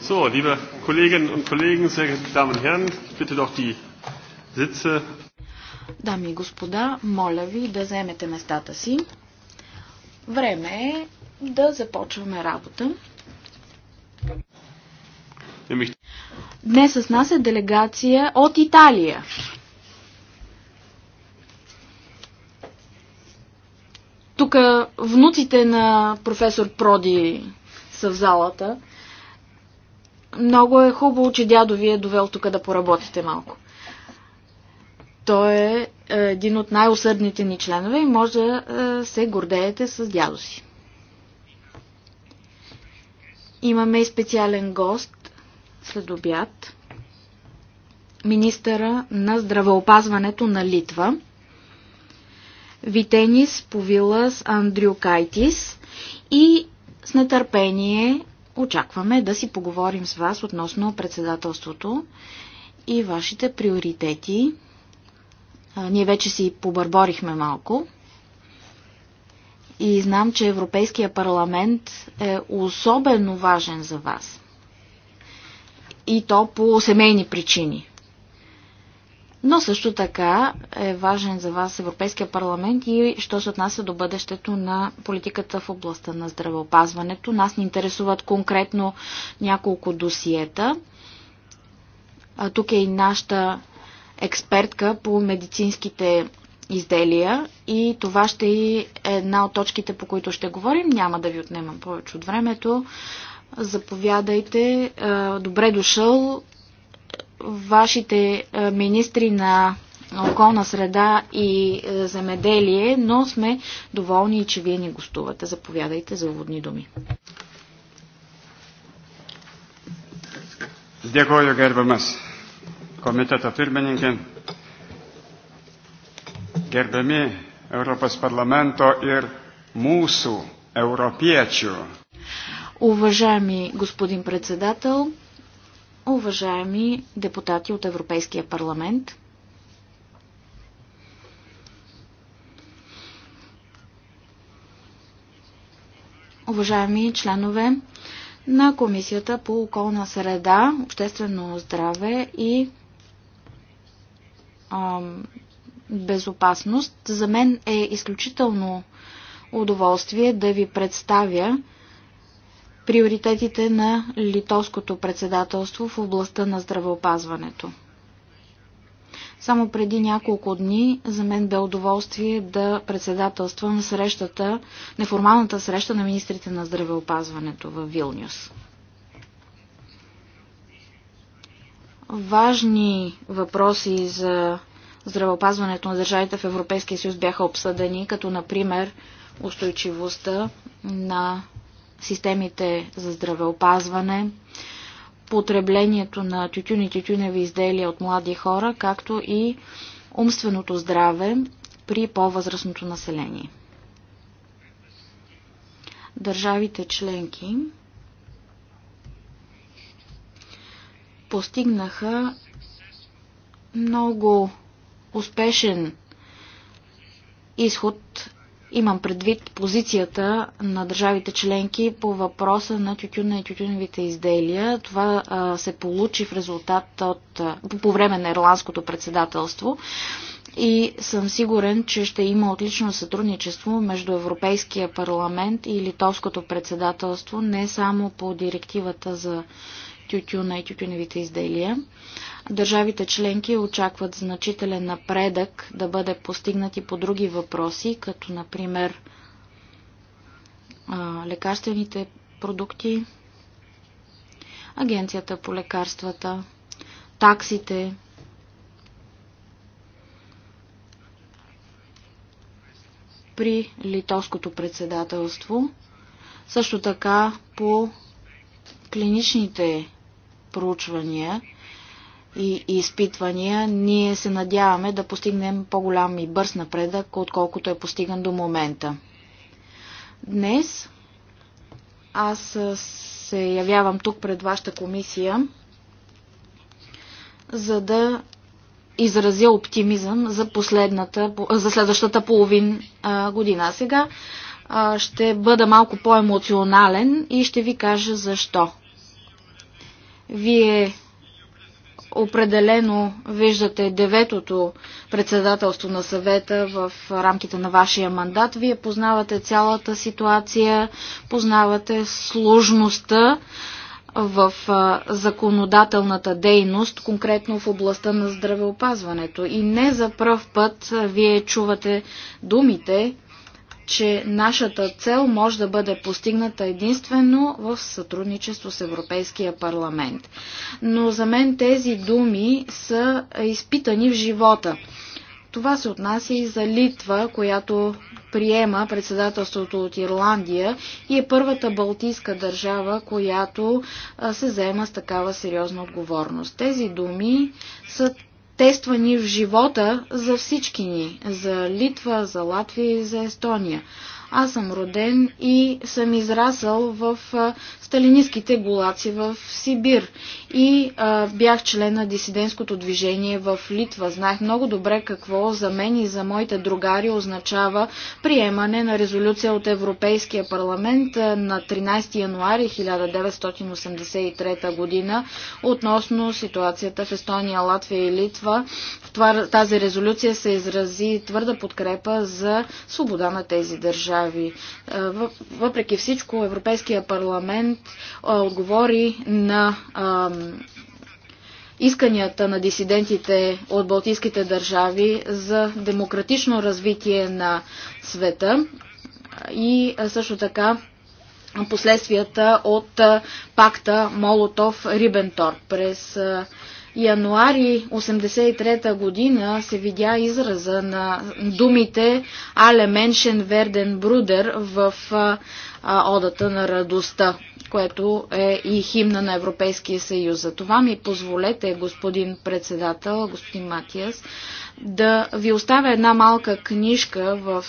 So, liebe Kolleginnen und Kollegen, sehr geehrte Damen und Herren, bitte doch die Sitze. Дами и господа, моля ви да вземете местата си. Време е да започваме работа. Днес с нас е делегация от Италия. Тук внуците на професор Проди са в залата. Много е хубаво, че дядо ви е довел тук да поработите малко. Той е, е един от най-усърдните ни членове и може да е, се гордеете с дядо си. Имаме и специален гост след обяд. Министъра на здравеопазването на Литва. Витенис Повилас Андрюкайтис и с нетърпение Очакваме да си поговорим с вас относно председателството и вашите приоритети. Ние вече си побърборихме малко и знам, че Европейския парламент е особено важен за вас. И то по семейни причини. Но също така е важен за вас Европейския парламент и що се отнася до бъдещето на политиката в областта на здравеопазването. Нас ни интересуват конкретно няколко досиета. А, тук е и нашата експертка по медицинските изделия и това ще е една от точките, по които ще говорим. Няма да ви отнемам повече от времето. Заповядайте. Добре дошъл вашите е, министри на околна среда и е, земеделие, но сме доволни, че вие ни гостувате. Заповядайте за уводни думи. Dėkoju gerbiamas komiteto pirmininkė, gerbiami Europos parlamento ir mūsų europiečių. Уважаеми господин председател, уважаеми депутати от Европейския парламент. Уважаеми членове на Комисията по околна среда, обществено здраве и а, безопасност, за мен е изключително удоволствие да ви представя приоритетите на литовското председателство в областта на здравеопазването. Само преди няколко дни за мен бе удоволствие да председателствам срещата, неформалната среща на министрите на здравеопазването в Вилнюс. Важни въпроси за здравеопазването на държавите в Европейския съюз бяха обсъдени, като например устойчивостта на системите за здравеопазване, потреблението на тютюни и тютюневи изделия от млади хора, както и умственото здраве при по-възрастното население. Държавите членки постигнаха много успешен изход Имам предвид позицията на държавите членки по въпроса на тютюна и тютюневите изделия. Това а, се получи в резултат от, а, по време на ирландското председателство и съм сигурен, че ще има отлично сътрудничество между Европейския парламент и Литовското председателство не само по директивата за тютюна и тютюневите изделия. Държавите членки очакват значителен напредък да бъде постигнати по други въпроси, като например лекарствените продукти, агенцията по лекарствата, таксите, при литовското председателство, също така по клиничните проучвания и изпитвания, ние се надяваме да постигнем по-голям и бърз напредък, отколкото е постиган до момента. Днес аз се явявам тук пред вашата комисия, за да изразя оптимизъм за, последната, за следващата половин година. А сега ще бъда малко по-емоционален и ще ви кажа защо. Вие определено виждате деветото председателство на съвета в рамките на вашия мандат. Вие познавате цялата ситуация, познавате сложността в законодателната дейност, конкретно в областта на здравеопазването. И не за пръв път вие чувате думите че нашата цел може да бъде постигната единствено в сътрудничество с Европейския парламент. Но за мен тези думи са изпитани в живота. Това се отнася и за Литва, която приема председателството от Ирландия и е първата балтийска държава, която се заема с такава сериозна отговорност. Тези думи са тествани в живота за всички ни, за Литва, за Латвия и за Естония. Аз съм роден и съм израсъл в сталинистските гулаци в Сибир и а, бях член на дисидентското движение в Литва. Знаех много добре какво за мен и за моите другари означава приемане на резолюция от Европейския парламент на 13 януари 1983 година относно ситуацията в Естония, Латвия и Литва. В това, тази резолюция се изрази твърда подкрепа за свобода на тези държави. Въпреки всичко, Европейския парламент а, отговори на а, исканията на дисидентите от балтийските държави за демократично развитие на света и също така последствията от пакта Молотов-Рибентор. През януари 1983 година се видя израза на думите Але Меншен Верден Брудер в а, Одата на радостта, което е и химна на Европейския съюз. За това ми позволете, господин председател, господин Матиас, да ви оставя една малка книжка в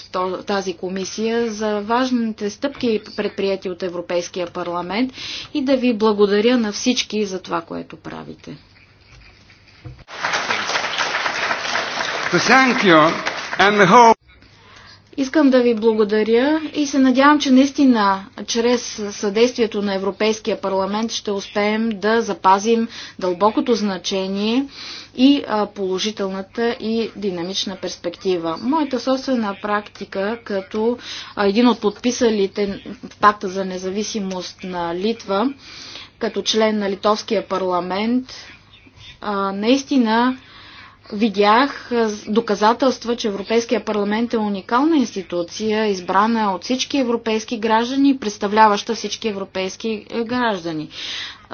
тази комисия за важните стъпки, предприяти от Европейския парламент и да ви благодаря на всички за това, което правите. thank you and whole... Искам да ви благодаря и се надявам, че наистина чрез съдействието на Европейския парламент ще успеем да запазим дълбокото значение и положителната и динамична перспектива. Моята собствена практика като един от подписалите пакта за независимост на Литва, като член на Литовския парламент, наистина видях доказателства, че Европейския парламент е уникална институция, избрана от всички европейски граждани и представляваща всички европейски граждани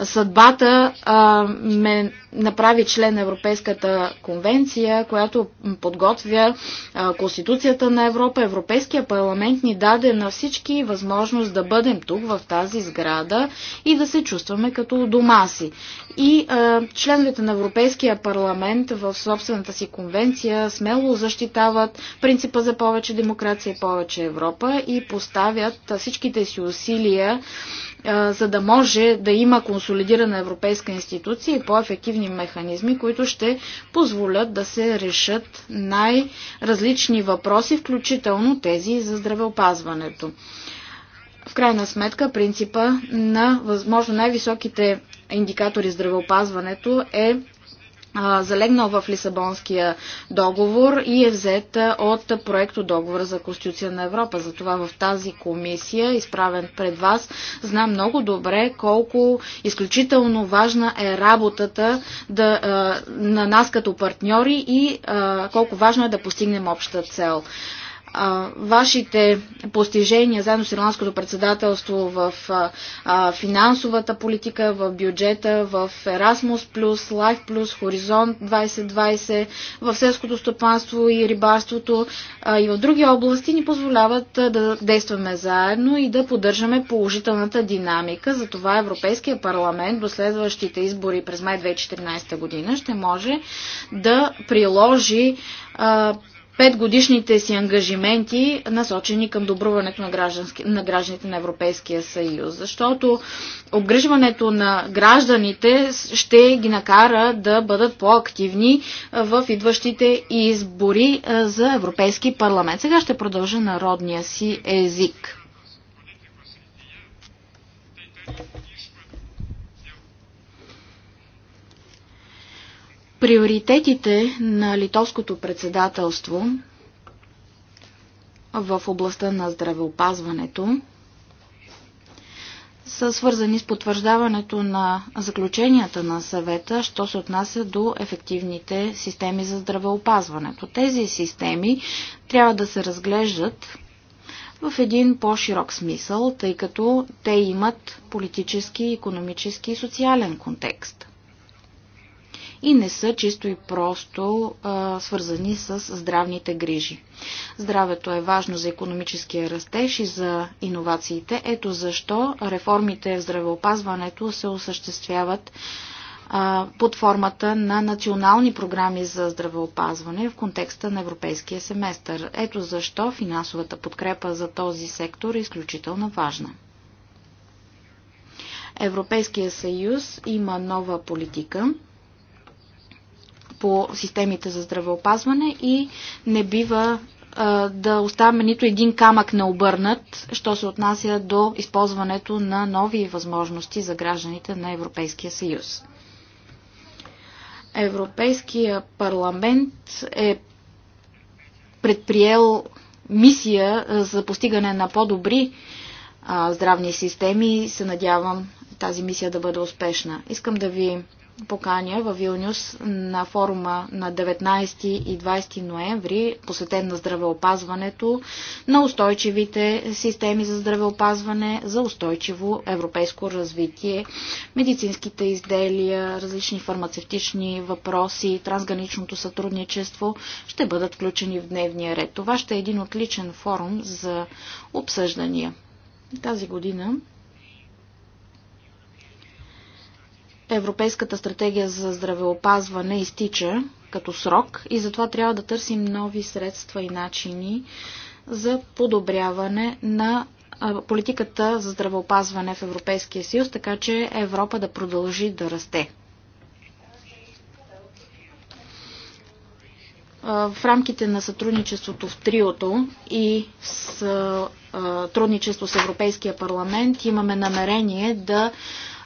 съдбата а, ме направи член на Европейската конвенция, която подготвя а, Конституцията на Европа. Европейския парламент ни даде на всички възможност да бъдем тук в тази сграда и да се чувстваме като у дома си. И а, членовете на Европейския парламент в собствената си конвенция смело защитават принципа за повече демокрация и повече Европа и поставят всичките си усилия за да може да има консолидирана европейска институция и по-ефективни механизми, които ще позволят да се решат най-различни въпроси, включително тези за здравеопазването. В крайна сметка, принципа на възможно най-високите индикатори здравеопазването е залегнал в Лисабонския договор и е взет от проекто договора за Конституция на Европа. Затова в тази комисия, изправен пред вас, знам много добре колко изключително важна е работата да, на нас като партньори и колко важно е да постигнем обща цел вашите постижения заедно с ирландското председателство в финансовата политика, в бюджета, в Erasmus+, Life+, Хоризонт 2020, в селското стопанство и рибарството и в други области ни позволяват да действаме заедно и да поддържаме положителната динамика. Затова Европейския парламент до следващите избори през май 2014 година ще може да приложи петгодишните си ангажименти, насочени към добруването на, на гражданите на Европейския съюз. Защото обгрижването на гражданите ще ги накара да бъдат по-активни в идващите избори за Европейски парламент. Сега ще продължа народния си език. Приоритетите на литовското председателство в областта на здравеопазването са свързани с потвърждаването на заключенията на съвета, що се отнася до ефективните системи за здравеопазването. Тези системи трябва да се разглеждат в един по-широк смисъл, тъй като те имат политически, економически и социален контекст и не са чисто и просто а, свързани с здравните грижи. Здравето е важно за економическия растеж и за иновациите. Ето защо реформите в здравеопазването се осъществяват а, под формата на национални програми за здравеопазване в контекста на европейския семестър. Ето защо финансовата подкрепа за този сектор е изключително важна. Европейския съюз има нова политика по системите за здравеопазване и не бива да оставяме нито един камък на обърнат, що се отнася до използването на нови възможности за гражданите на Европейския съюз. Европейския парламент е предприел мисия за постигане на по-добри здравни системи и се надявам тази мисия да бъде успешна. Искам да ви поканя в Вилнюс на форума на 19 и 20 ноември, посветен на здравеопазването, на устойчивите системи за здравеопазване, за устойчиво европейско развитие, медицинските изделия, различни фармацевтични въпроси, трансграничното сътрудничество ще бъдат включени в дневния ред. Това ще е един отличен форум за обсъждания. Тази година Европейската стратегия за здравеопазване изтича като срок и затова трябва да търсим нови средства и начини за подобряване на политиката за здравеопазване в Европейския съюз, така че Европа да продължи да расте. в рамките на сътрудничеството в триото и с трудничество с Европейския парламент имаме намерение да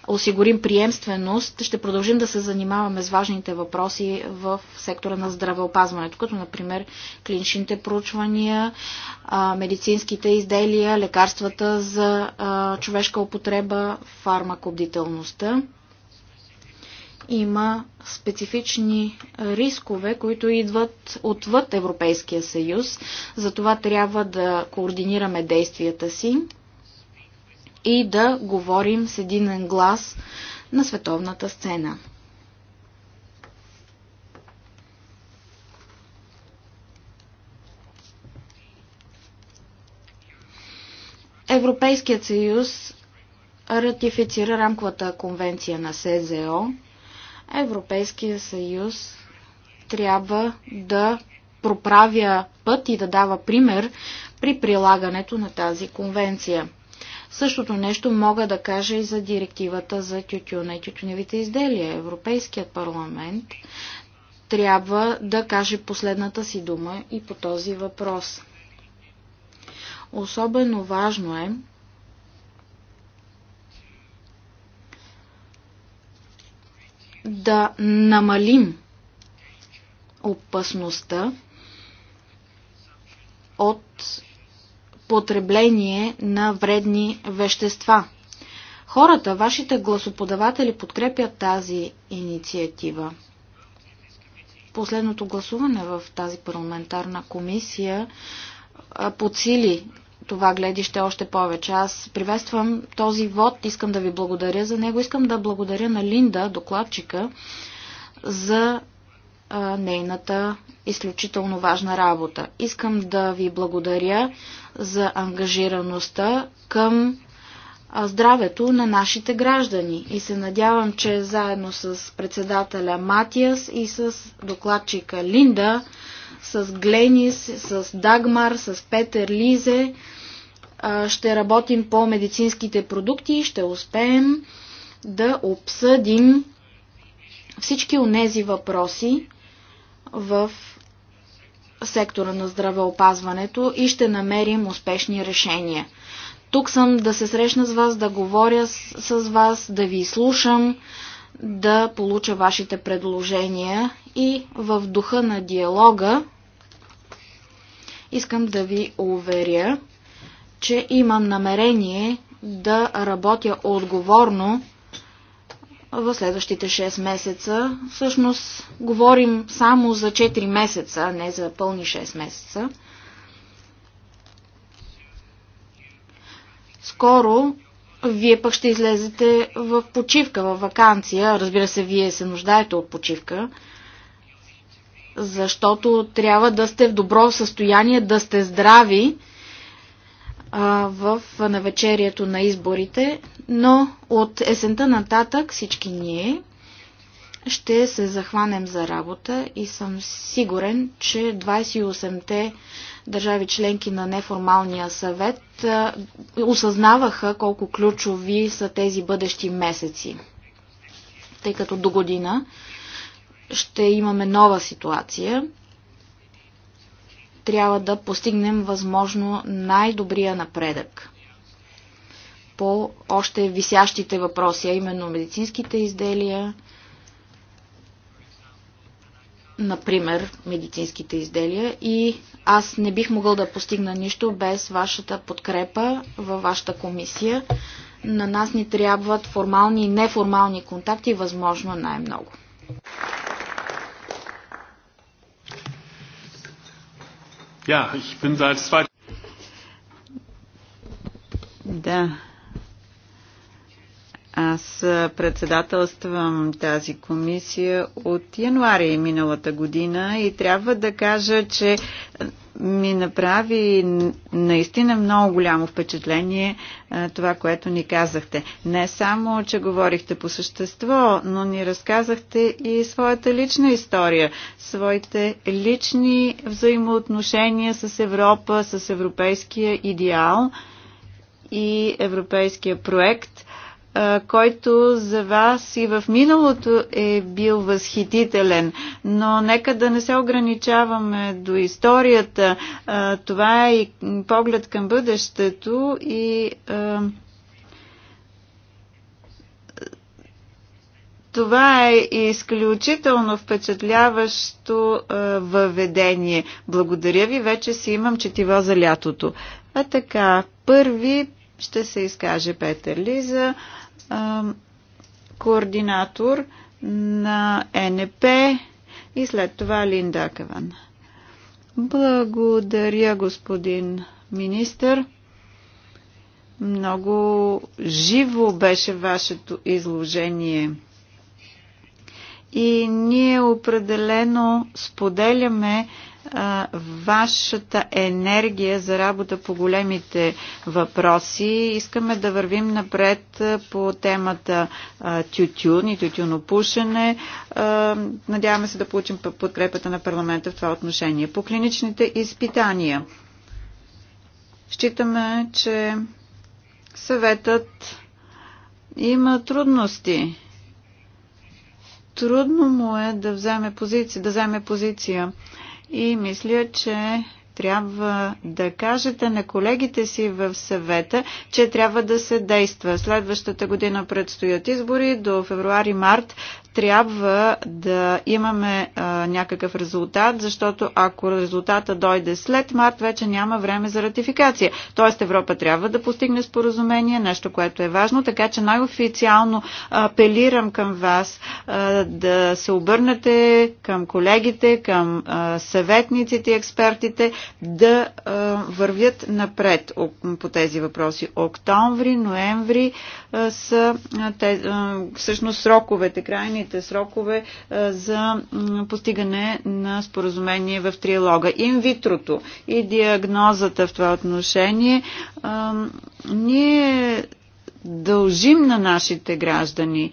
осигурим приемственост, ще продължим да се занимаваме с важните въпроси в сектора на здравеопазването, като например клиничните проучвания, медицинските изделия, лекарствата за човешка употреба, фармакобдителността. Има специфични рискове, които идват отвъд Европейския съюз. Затова трябва да координираме действията си и да говорим с един глас на световната сцена. Европейският съюз ратифицира рамковата конвенция на СЗО. Европейският съюз трябва да проправя път и да дава пример при прилагането на тази конвенция. Същото нещо мога да кажа и за директивата за тютюна и тютюневите изделия. Европейският парламент трябва да каже последната си дума и по този въпрос. Особено важно е да намалим опасността от потребление на вредни вещества. Хората, вашите гласоподаватели подкрепят тази инициатива. Последното гласуване в тази парламентарна комисия подсили това гледище още повече. Аз приветствам този вод, искам да ви благодаря за него, искам да благодаря на Линда, докладчика, за а, нейната изключително важна работа. Искам да ви благодаря за ангажираността към здравето на нашите граждани. И се надявам, че заедно с председателя Матиас и с докладчика Линда, с Гленис, с Дагмар, с Петър Лизе, ще работим по медицинските продукти и ще успеем да обсъдим всички тези въпроси, в сектора на здравеопазването и ще намерим успешни решения. Тук съм да се срещна с вас, да говоря с, с вас, да ви слушам, да получа вашите предложения и в духа на диалога искам да ви уверя, че имам намерение да работя отговорно в следващите 6 месеца. Всъщност говорим само за 4 месеца, а не за пълни 6 месеца. Скоро вие пък ще излезете в почивка, в вакансия. Разбира се, вие се нуждаете от почивка, защото трябва да сте в добро състояние, да сте здрави, а, в навечерието на изборите, но от есента нататък всички ние ще се захванем за работа и съм сигурен, че 28-те държави членки на неформалния съвет осъзнаваха колко ключови са тези бъдещи месеци. Тъй като до година ще имаме нова ситуация трябва да постигнем възможно най-добрия напредък по още висящите въпроси, а именно медицинските изделия, например, медицинските изделия и аз не бих могъл да постигна нищо без вашата подкрепа във вашата комисия. На нас ни трябват формални и неформални контакти, възможно най-много. Ja, ich bin seit 2000. Да. Аз председателствам тази комисия от януари миналата година и трябва да кажа, че ми направи наистина много голямо впечатление това, което ни казахте. Не само, че говорихте по същество, но ни разказахте и своята лична история, своите лични взаимоотношения с Европа, с европейския идеал и европейския проект – който за вас и в миналото е бил възхитителен. Но нека да не се ограничаваме до историята. Това е и поглед към бъдещето и Това е изключително впечатляващо въведение. Благодаря ви, вече си имам четиво за лятото. А така, първи ще се изкаже Петър Лиза, координатор на НП и след това Линда Каван. Благодаря, господин министър. Много живо беше вашето изложение. И ние определено споделяме вашата енергия за работа по големите въпроси. Искаме да вървим напред по темата тютюн и тютюнопушене. Надяваме се да получим подкрепата на парламента в това отношение. По клиничните изпитания. Считаме, че съветът има трудности. Трудно му е да вземе позиция, да вземе позиция и мисля, че трябва да кажете на колегите си в съвета, че трябва да се действа. Следващата година предстоят избори до февруари-март трябва да имаме а, някакъв резултат, защото ако резултата дойде след март, вече няма време за ратификация. Тоест Европа трябва да постигне споразумение, нещо, което е важно, така че най-официално апелирам към вас а, да се обърнете към колегите, към а, съветниците и експертите да а, вървят напред по тези въпроси. Октомври, ноември а, са а, те, а, всъщност сроковете крайни крайните срокове е, за постигане на споразумение в триалога. Инвитрото и диагнозата в това отношение ние дължим на нашите граждани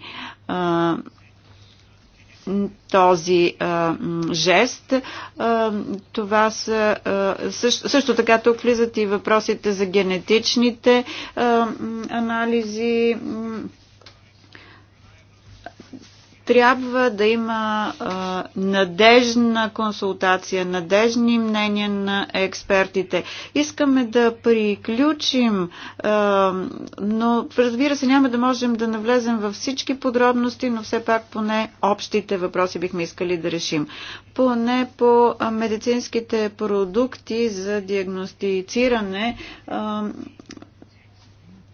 този а, жест. А, това са, а, също, също така тук влизат и въпросите за генетичните а, анализи. А, трябва да има а, надежна консултация, надежни мнения на експертите. Искаме да приключим, а, но разбира се, няма да можем да навлезем във всички подробности, но все пак поне общите въпроси бихме искали да решим. Поне по медицинските продукти за диагностициране. А,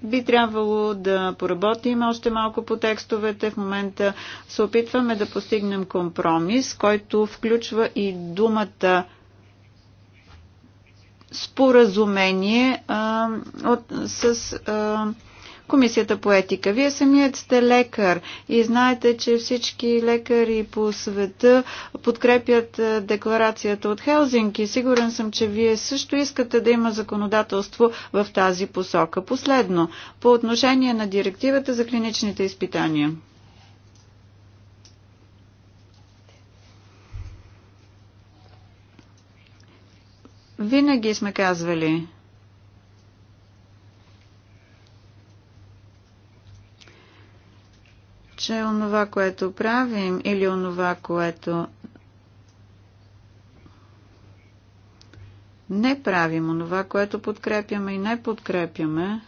би трябвало да поработим още малко по текстовете. В момента се опитваме да постигнем компромис, който включва и думата споразумение а, от, с а, Комисията по етика. Вие самият сте лекар и знаете, че всички лекари по света подкрепят е, декларацията от Хелзинки. Сигурен съм, че вие също искате да има законодателство в тази посока. Последно, по отношение на директивата за клиничните изпитания. Винаги сме казвали, че онова, което правим или онова, което не правим, онова, което подкрепяме и не подкрепяме,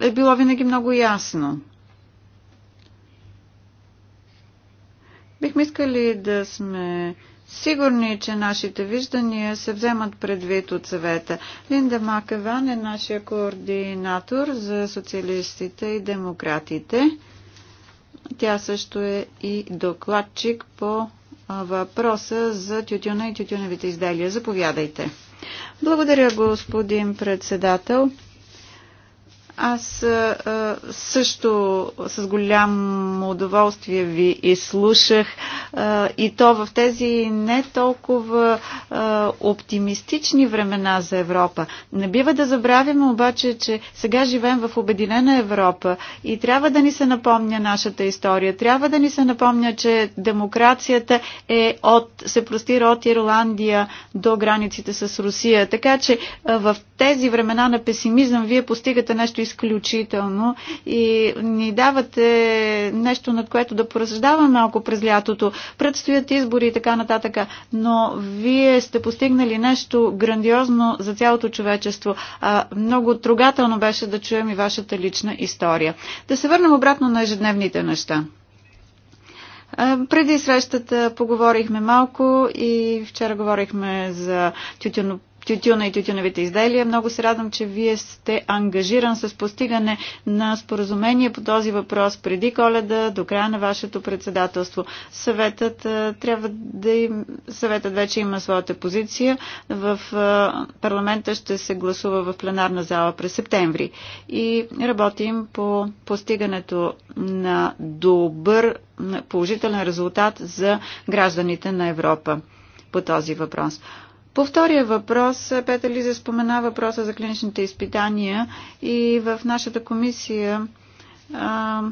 е било винаги много ясно. Бихме искали да сме сигурни, е, че нашите виждания се вземат предвид от съвета. Линда Макеван е нашия координатор за социалистите и демократите. Тя също е и докладчик по въпроса за тютюна и тютюневите изделия. Заповядайте. Благодаря, господин председател. Аз също с голямо удоволствие ви изслушах и то в тези не толкова оптимистични времена за Европа. Не бива да забравяме обаче, че сега живеем в Обединена Европа и трябва да ни се напомня нашата история. Трябва да ни се напомня, че демокрацията е от, се простира от Ирландия до границите с Русия. Така че в тези времена на песимизъм вие постигате нещо изключително и ни давате нещо, над което да поразсъждаваме малко през лятото. Предстоят избори и така нататък, но вие сте постигнали нещо грандиозно за цялото човечество. А, много трогателно беше да чуем и вашата лична история. Да се върнем обратно на ежедневните неща. Преди срещата поговорихме малко и вчера говорихме за тютюна и тютюновите изделия. Много се радвам, че вие сте ангажиран с постигане на споразумение по този въпрос преди коледа, до края на вашето председателство. Съветът е, трябва да им... Съветът вече има своята позиция. В е, парламента ще се гласува в пленарна зала през септември. И работим по постигането на добър положителен резултат за гражданите на Европа по този въпрос. По втория въпрос, Петър Лиза спомена въпроса за клиничните изпитания и в нашата комисия а,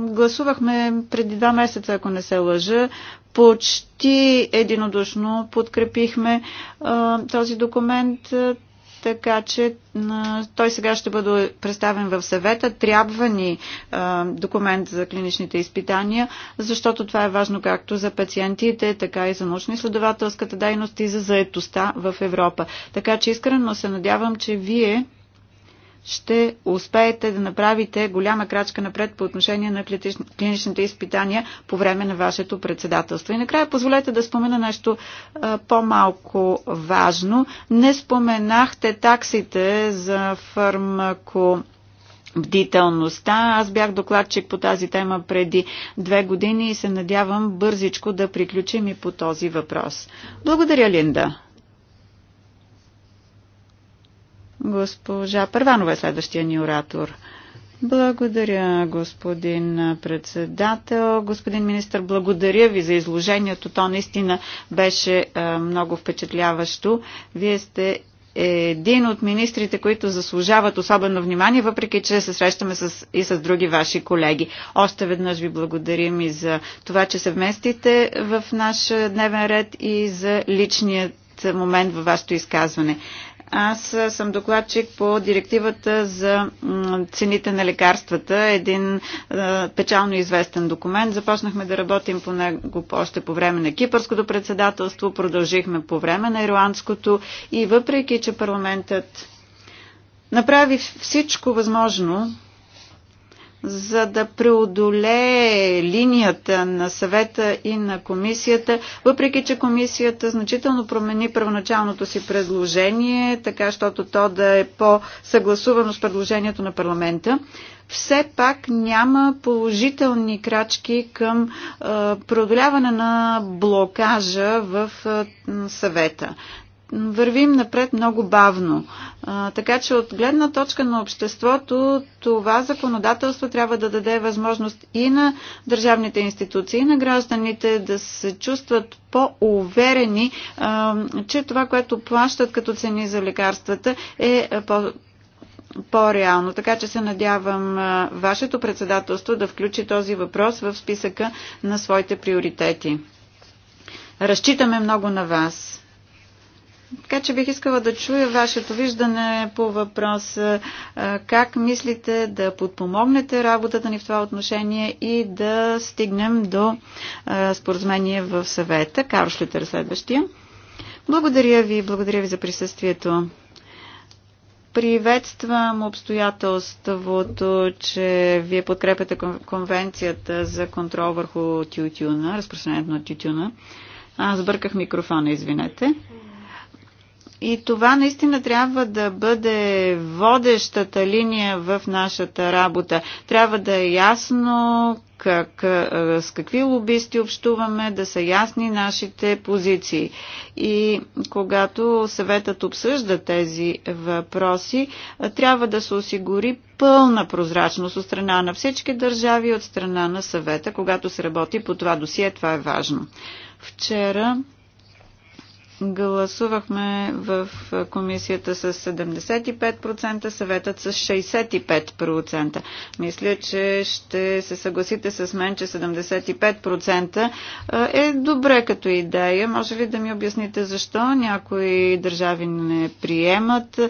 гласувахме преди два месеца, ако не се лъжа, почти единодушно подкрепихме а, този документ така че той сега ще бъде представен в съвета. Трябва ни документ за клиничните изпитания, защото това е важно както за пациентите, така и за научно-изследователската дейност и за заетостта в Европа. Така че искрено се надявам, че вие ще успеете да направите голяма крачка напред по отношение на клиничните изпитания по време на вашето председателство. И накрая позволете да спомена нещо по-малко важно. Не споменахте таксите за фармако бдителността. Аз бях докладчик по тази тема преди две години и се надявам бързичко да приключим и по този въпрос. Благодаря, Линда. Госпожа Първанова е следващия ни оратор. Благодаря, господин председател. Господин министр, благодаря ви за изложението. То наистина беше е, много впечатляващо. Вие сте един от министрите, които заслужават особено внимание, въпреки че се срещаме с, и с други ваши колеги. Още веднъж ви благодарим и за това, че се вместите в наш дневен ред и за личният момент във вашето изказване. Аз съм докладчик по директивата за цените на лекарствата, един печално известен документ. Започнахме да работим по него още по време на кипърското председателство, продължихме по време на ирландското и въпреки, че парламентът направи всичко възможно за да преодолее линията на съвета и на комисията, въпреки че комисията значително промени първоначалното си предложение, така щото то да е по-съгласувано с предложението на парламента, все пак няма положителни крачки към преодоляване на блокажа в съвета вървим напред много бавно. А, така че от гледна точка на обществото това законодателство трябва да даде възможност и на държавните институции, и на гражданите да се чувстват по-уверени, че това, което плащат като цени за лекарствата е по- по-реално. Така че се надявам вашето председателство да включи този въпрос в списъка на своите приоритети. Разчитаме много на вас. Така че бих искала да чуя вашето виждане по въпрос как мислите да подпомогнете работата ни в това отношение и да стигнем до споразумение в съвета. Карл Шлютер следващия. Благодаря ви, благодаря ви за присъствието. Приветствам обстоятелството, че вие подкрепяте конвенцията за контрол върху тютюна, разпространението на тютюна. Аз бърках микрофона, извинете. И това наистина трябва да бъде водещата линия в нашата работа. Трябва да е ясно как, с какви лобисти общуваме, да са ясни нашите позиции. И когато съветът обсъжда тези въпроси, трябва да се осигури пълна прозрачност от страна на всички държави и от страна на съвета. Когато се работи по това досие, това е важно. Вчера Гласувахме в комисията с 75%, съветът с 65%. Мисля, че ще се съгласите с мен, че 75% е добре като идея. Може ли да ми обясните защо някои държави не приемат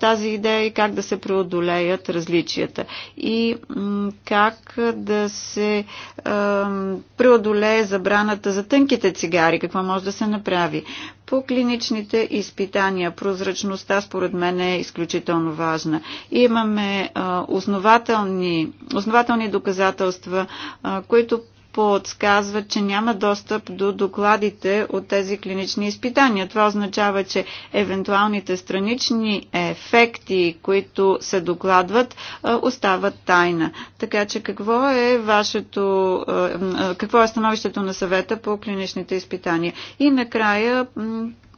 тази идея и как да се преодолеят различията? И как да се преодолее забраната за тънките цигари? Какво може да се направи? По клиничните изпитания прозрачността според мен е изключително важна. Имаме основателни, основателни доказателства, които подсказва, че няма достъп до докладите от тези клинични изпитания. Това означава, че евентуалните странични ефекти, които се докладват, остават тайна. Така че какво е вашето, какво е становището на съвета по клиничните изпитания? И накрая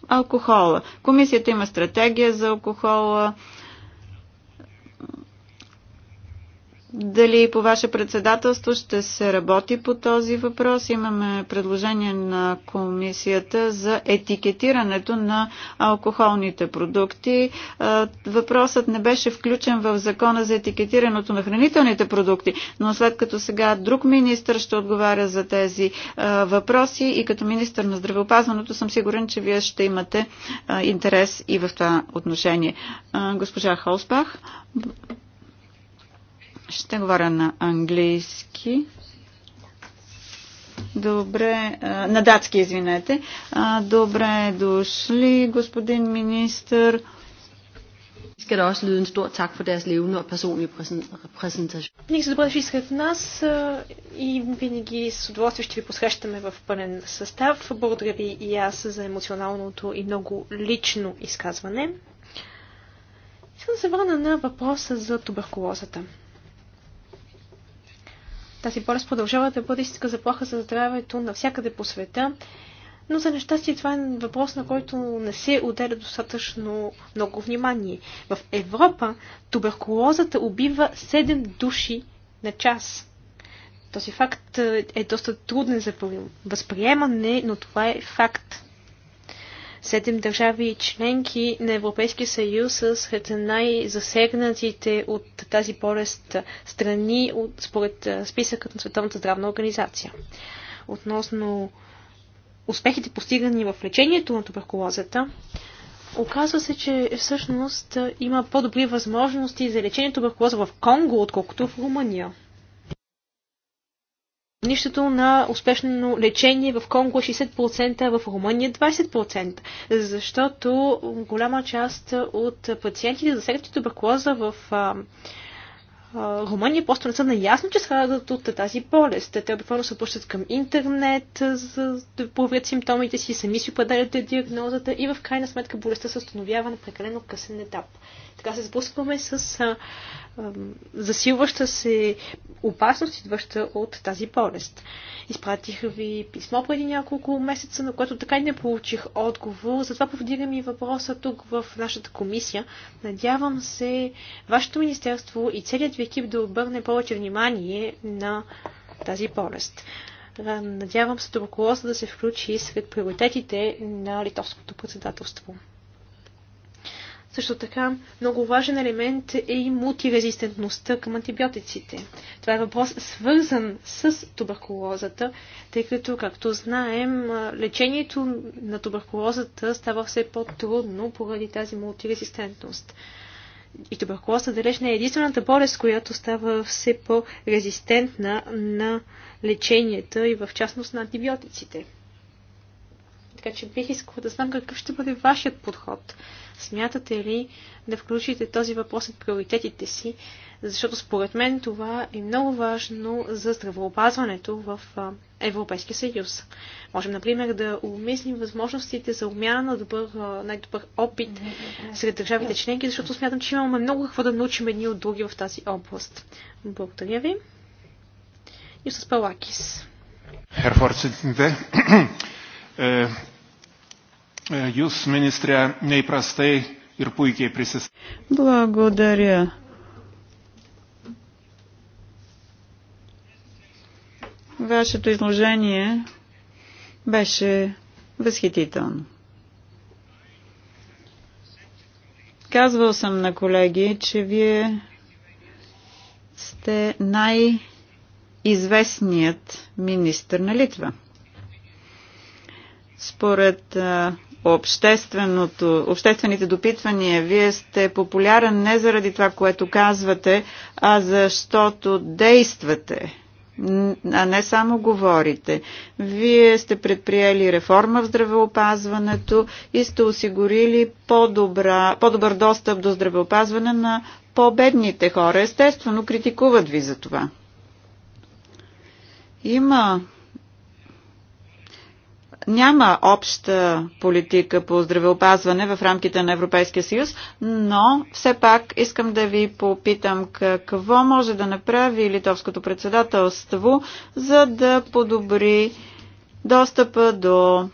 алкохола. Комисията има стратегия за алкохола Дали по ваше председателство ще се работи по този въпрос? Имаме предложение на комисията за етикетирането на алкохолните продукти. Въпросът не беше включен в закона за етикетирането на хранителните продукти, но след като сега друг министр ще отговаря за тези въпроси и като министр на здравеопазването съм сигурен, че вие ще имате интерес и в това отношение. Госпожа Холспах. Ще говоря на английски. Добре, на датски, извинете. Добре дошли, господин министър. Искам да også en stor tak for deres levende og personlige præsentation. добре дошли сред нас и винаги с удоволствие ще ви посрещаме в пълен състав. Благодаря ви и аз за емоционалното и много лично изказване. Искам да се върна на въпроса за туберкулозата. Тази болест продължава да бъде истинска заплаха за здравето навсякъде по света, но за нещастие това е въпрос, на който не се отделя достатъчно много внимание. В Европа туберкулозата убива 7 души на час. Този факт е доста труден за възприемане, но това е факт. Седем държави членки на Европейския съюз са сред най-засегнатите от тази болест страни от, според списъкът на Световната здравна организация. Относно успехите постигани в лечението на туберкулозата, Оказва се, че всъщност има по-добри възможности за лечение туберкулоза в Конго, отколкото в Румъния нищото на успешно лечение в Конго е 60%, в Румъния 20%, защото голяма част от пациентите засегнати туберкулоза в Румъния просто не са наясно, че страдат от тази болест. Те обикновено се обръщат към интернет, за да проверят симптомите си, сами си определят диагнозата и в крайна сметка болестта се установява на прекалено късен етап. Така се сблъскваме с а, а, засилваща се опасност, идваща от тази болест. Изпратих ви писмо преди няколко месеца, на което така и не получих отговор. Затова повдигам и въпроса тук в нашата комисия. Надявам се, вашето министерство и целият ви екип да обърне повече внимание на тази болест. Надявам се туберкулоза да се включи сред приоритетите на литовското председателство. Също така, много важен елемент е и мултирезистентността към антибиотиците. Това е въпрос свързан с туберкулозата, тъй като, както знаем, лечението на туберкулозата става все по-трудно поради тази мултирезистентност и туберкулоза далеч не е единствената болест, която става все по-резистентна на леченията и в частност на антибиотиците. Така че бих искала да знам какъв ще бъде вашият подход. Смятате ли да включите този въпрос от приоритетите си? Защото според мен това е много важно за здравеопазването в Европейския съюз. Можем, например, да обмислим възможностите за обмяна на добър, най-добър опит сред държавите членки, защото смятам, че имаме много какво да научим едни от други в тази област. Благодаря ви. И с Палакис. Jūs, ministrė, neįprastai ir puikiai prisistatėte. Благодаря, Вашето изложение беше възхитително. Казвал съм на колеги, че вие сте най-известният министр на Литва. Според общественото, обществените допитвания. Вие сте популярен не заради това, което казвате, а защото действате а не само говорите. Вие сте предприели реформа в здравеопазването и сте осигурили по-добър по достъп до здравеопазване на по-бедните хора. Естествено, критикуват ви за това. Има няма обща политика по здравеопазване в рамките на Европейския съюз, но все пак искам да ви попитам какво може да направи литовското председателство, за да подобри достъпа до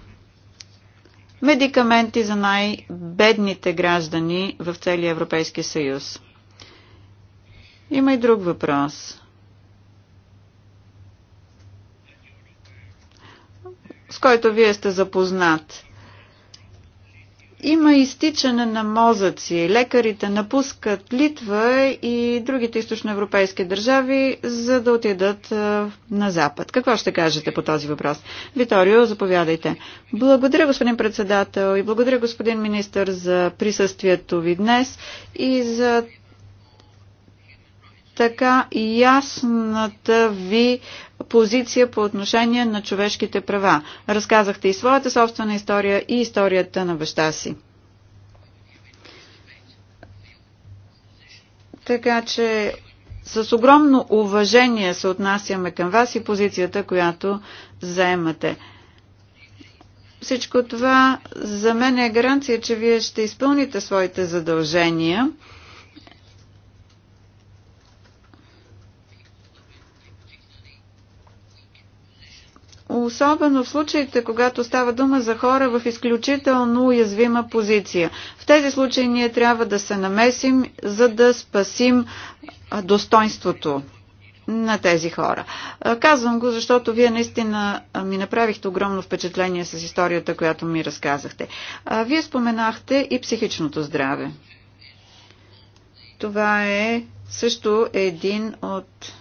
медикаменти за най-бедните граждани в целия Европейски съюз. Има и друг въпрос. с който вие сте запознат. Има изтичане на мозъци. Лекарите напускат Литва и другите източноевропейски държави, за да отидат на Запад. Какво ще кажете по този въпрос? Виторио, заповядайте. Благодаря, господин председател, и благодаря, господин министр, за присъствието ви днес и за така ясната ви позиция по отношение на човешките права. Разказахте и своята собствена история и историята на баща си. Така че с огромно уважение се отнасяме към вас и позицията, която заемате. Всичко това за мен е гаранция, че вие ще изпълните своите задължения особено в случаите, когато става дума за хора в изключително уязвима позиция. В тези случаи ние трябва да се намесим, за да спасим достоинството на тези хора. Казвам го, защото вие наистина ми направихте огромно впечатление с историята, която ми разказахте. Вие споменахте и психичното здраве. Това е също един от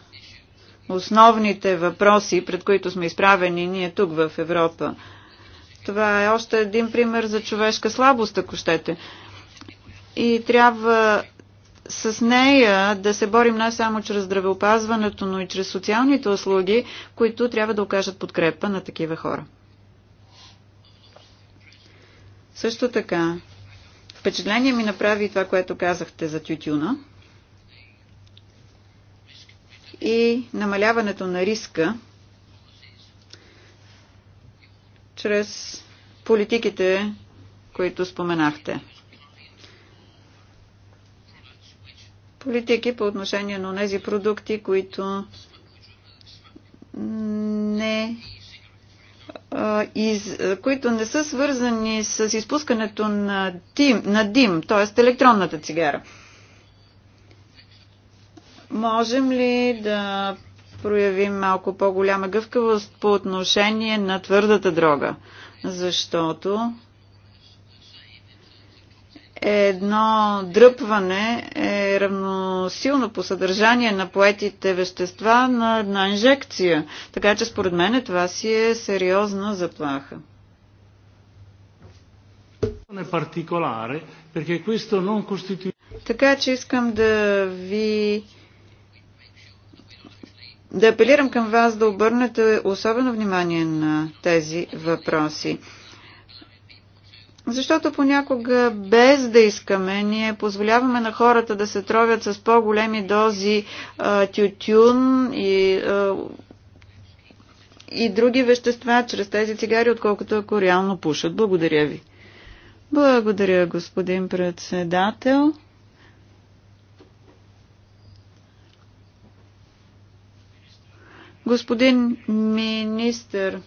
основните въпроси, пред които сме изправени ние тук в Европа. Това е още един пример за човешка слабост, ако щете. И трябва с нея да се борим не само чрез здравеопазването, но и чрез социалните услуги, които трябва да окажат подкрепа на такива хора. Също така, впечатление ми направи това, което казахте за тютюна – и намаляването на риска чрез политиките, които споменахте. Политики по отношение на тези продукти, които не, а, из, които не са свързани с изпускането на дим, на дим т.е. електронната цигара. Можем ли да проявим малко по-голяма гъвкавост по отношение на твърдата дрога? Защото едно дръпване е равносилно по съдържание на поетите вещества на една инжекция. Така че според мен това си е сериозна заплаха. Така че искам да ви да апелирам към вас да обърнете особено внимание на тези въпроси. Защото понякога, без да искаме, ние позволяваме на хората да се тровят с по-големи дози а, тютюн и, а, и други вещества чрез тези цигари, отколкото ако реално пушат. Благодаря ви. Благодаря, господин председател. Господин министър,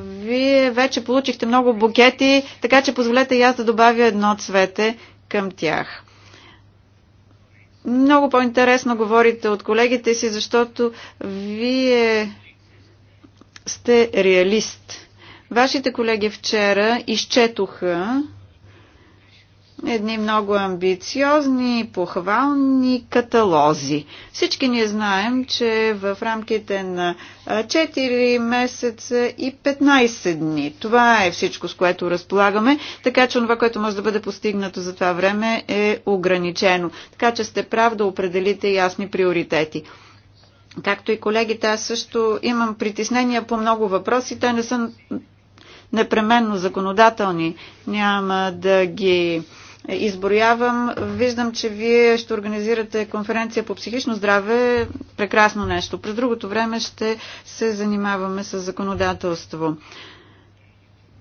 вие вече получихте много букети, така че позволете и аз да добавя едно цвете към тях. Много по-интересно говорите от колегите си, защото вие сте реалист. Вашите колеги вчера изчетоха едни много амбициозни, похвални каталози. Всички ние знаем, че в рамките на 4 месеца и 15 дни. Това е всичко, с което разполагаме, така че това, което може да бъде постигнато за това време е ограничено. Така че сте прав да определите ясни приоритети. Както и колегите, аз също имам притеснения по много въпроси. Те не са непременно законодателни. Няма да ги изброявам. Виждам, че вие ще организирате конференция по психично здраве. Прекрасно нещо. През другото време ще се занимаваме с законодателство.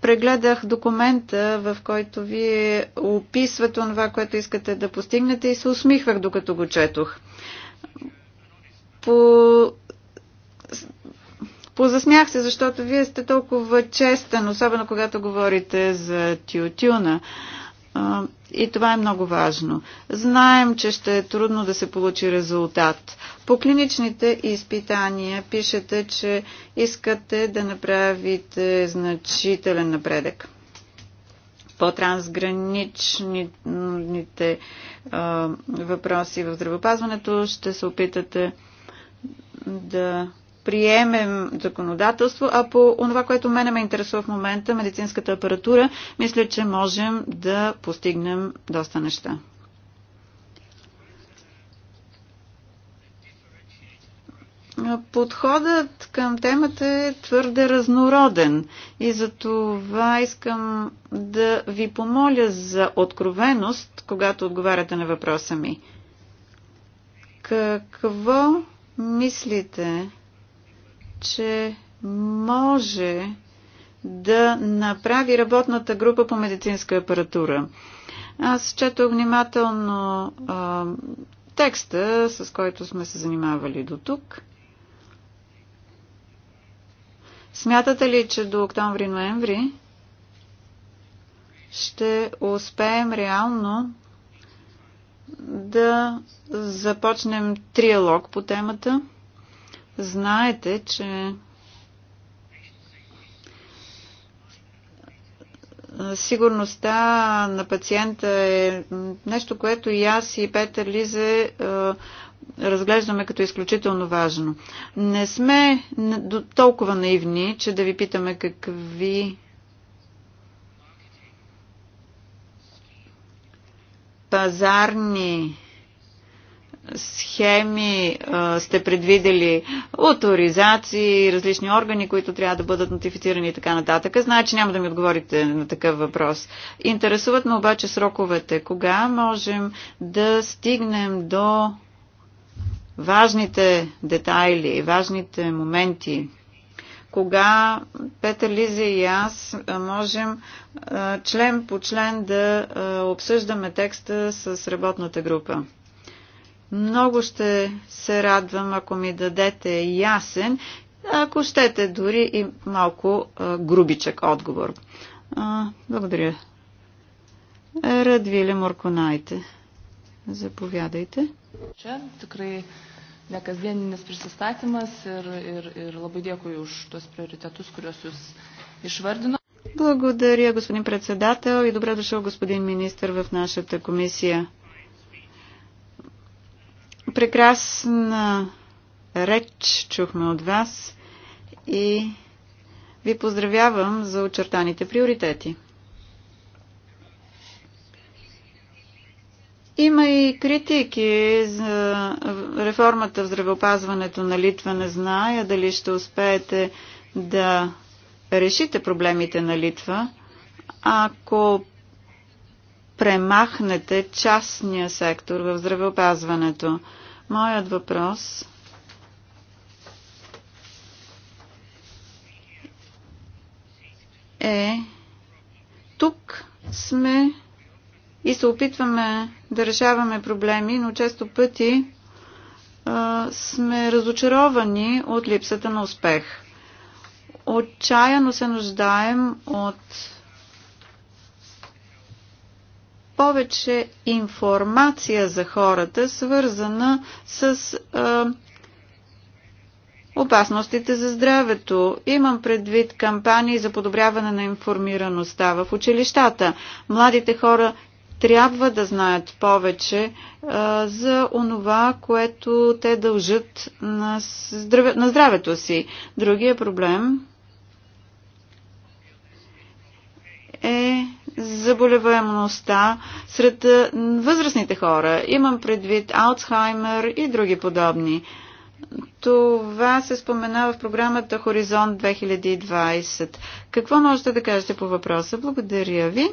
Прегледах документа, в който вие описвате това, което искате да постигнете и се усмихвах, докато го четох. По Позаснях се, защото вие сте толкова честен, особено когато говорите за тютюна. Тю и това е много важно. Знаем, че ще е трудно да се получи резултат. По клиничните изпитания пишете, че искате да направите значителен напредък. По трансграничните въпроси в здравеопазването ще се опитате да приемем законодателство, а по това, което мене ме интересува в момента, медицинската апаратура, мисля, че можем да постигнем доста неща. Подходът към темата е твърде разнороден и за това искам да ви помоля за откровеност, когато отговаряте на въпроса ми. Какво мислите че може да направи работната група по медицинска апаратура. Аз четох внимателно а, текста, с който сме се занимавали до тук. Смятате ли, че до октомври-ноември ще успеем реално да започнем триалог по темата? Знаете, че сигурността на пациента е нещо, което и аз и Петър Лизе е, разглеждаме като изключително важно. Не сме толкова наивни, че да ви питаме какви пазарни схеми а, сте предвидели, авторизации, различни органи, които трябва да бъдат нотифицирани и така нататък. Значи няма да ми отговорите на такъв въпрос. Интересуват ме обаче сроковете. Кога можем да стигнем до важните детайли, важните моменти? Кога Петър Лиза и аз можем а, член по член да а, обсъждаме текста с работната група? Много ще се радвам, ако ми дадете ясен, ако щете дори и малко грубичък отговор. Благодаря. Радвиле Морконайте. Заповядайте. Čia tikrai nekasdieninis prisistatymas ir, и лабо labai уж už tos с който jūs išvardino. Благодаря, господин председател и добре дошъл, господин министр, в нашата комисия прекрасна реч чухме от вас и ви поздравявам за очертаните приоритети. Има и критики за реформата в здравеопазването на Литва. Не зная дали ще успеете да решите проблемите на Литва, ако премахнете частния сектор в здравеопазването. Моят въпрос е тук сме и се опитваме да решаваме проблеми, но често пъти а, сме разочаровани от липсата на успех. Отчаяно се нуждаем от повече информация за хората, свързана с а, опасностите за здравето. Имам предвид кампании за подобряване на информираността в училищата. Младите хора трябва да знаят повече а, за онова, което те дължат на, здраве, на здравето си. Другия проблем е заболеваемостта сред възрастните хора. Имам предвид Алцхаймер и други подобни. Това се споменава в програмата Хоризонт 2020. Какво можете да кажете по въпроса? Благодаря ви.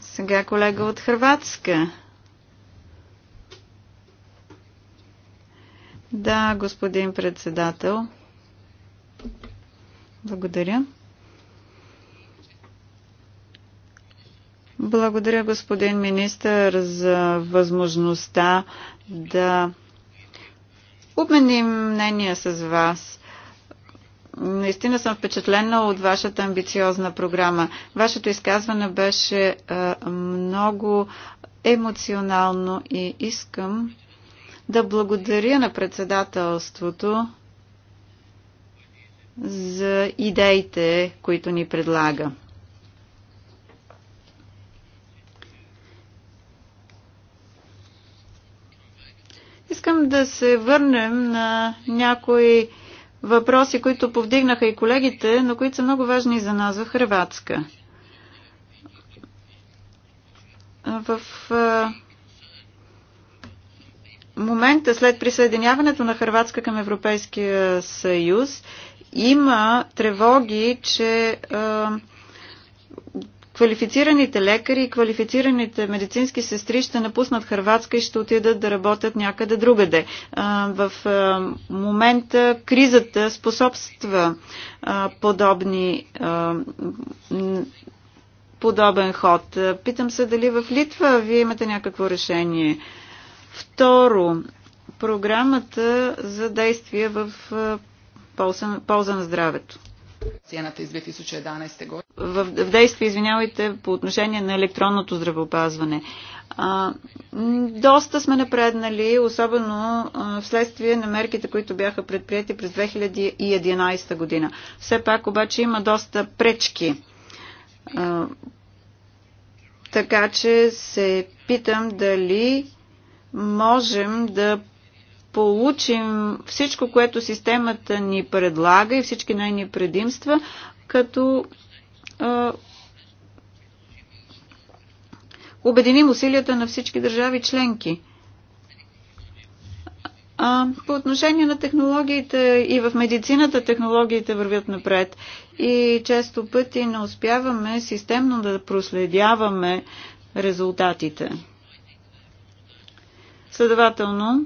Сега колега от Хрватска. Да, господин председател. Благодаря. Благодаря, господин министър, за възможността да обменим мнение с вас. Наистина съм впечатлена от вашата амбициозна програма. Вашето изказване беше много емоционално и искам да благодаря на председателството за идеите, които ни предлага. Искам да се върнем на някои въпроси, които повдигнаха и колегите, но които са много важни за нас в Хрватска. В момента след присъединяването на Харватска към Европейския съюз има тревоги, че е, квалифицираните лекари и квалифицираните медицински сестри ще напуснат Харватска и ще отидат да работят някъде другаде. В момента кризата способства подобни подобен ход. Питам се дали в Литва вие имате някакво решение. Второ, програмата за действия в полза, полза на здравето. Цената из 2011 година. В, в действие, извинявайте, по отношение на електронното здравеопазване. А, доста сме напреднали, особено а, вследствие на мерките, които бяха предприяти през 2011 година. Все пак обаче има доста пречки. А, така че се питам дали можем да получим всичко, което системата ни предлага и всички нейни предимства, като а, обединим усилията на всички държави членки. А, по отношение на технологиите и в медицината технологиите вървят напред и често пъти не успяваме системно да проследяваме резултатите. Следователно,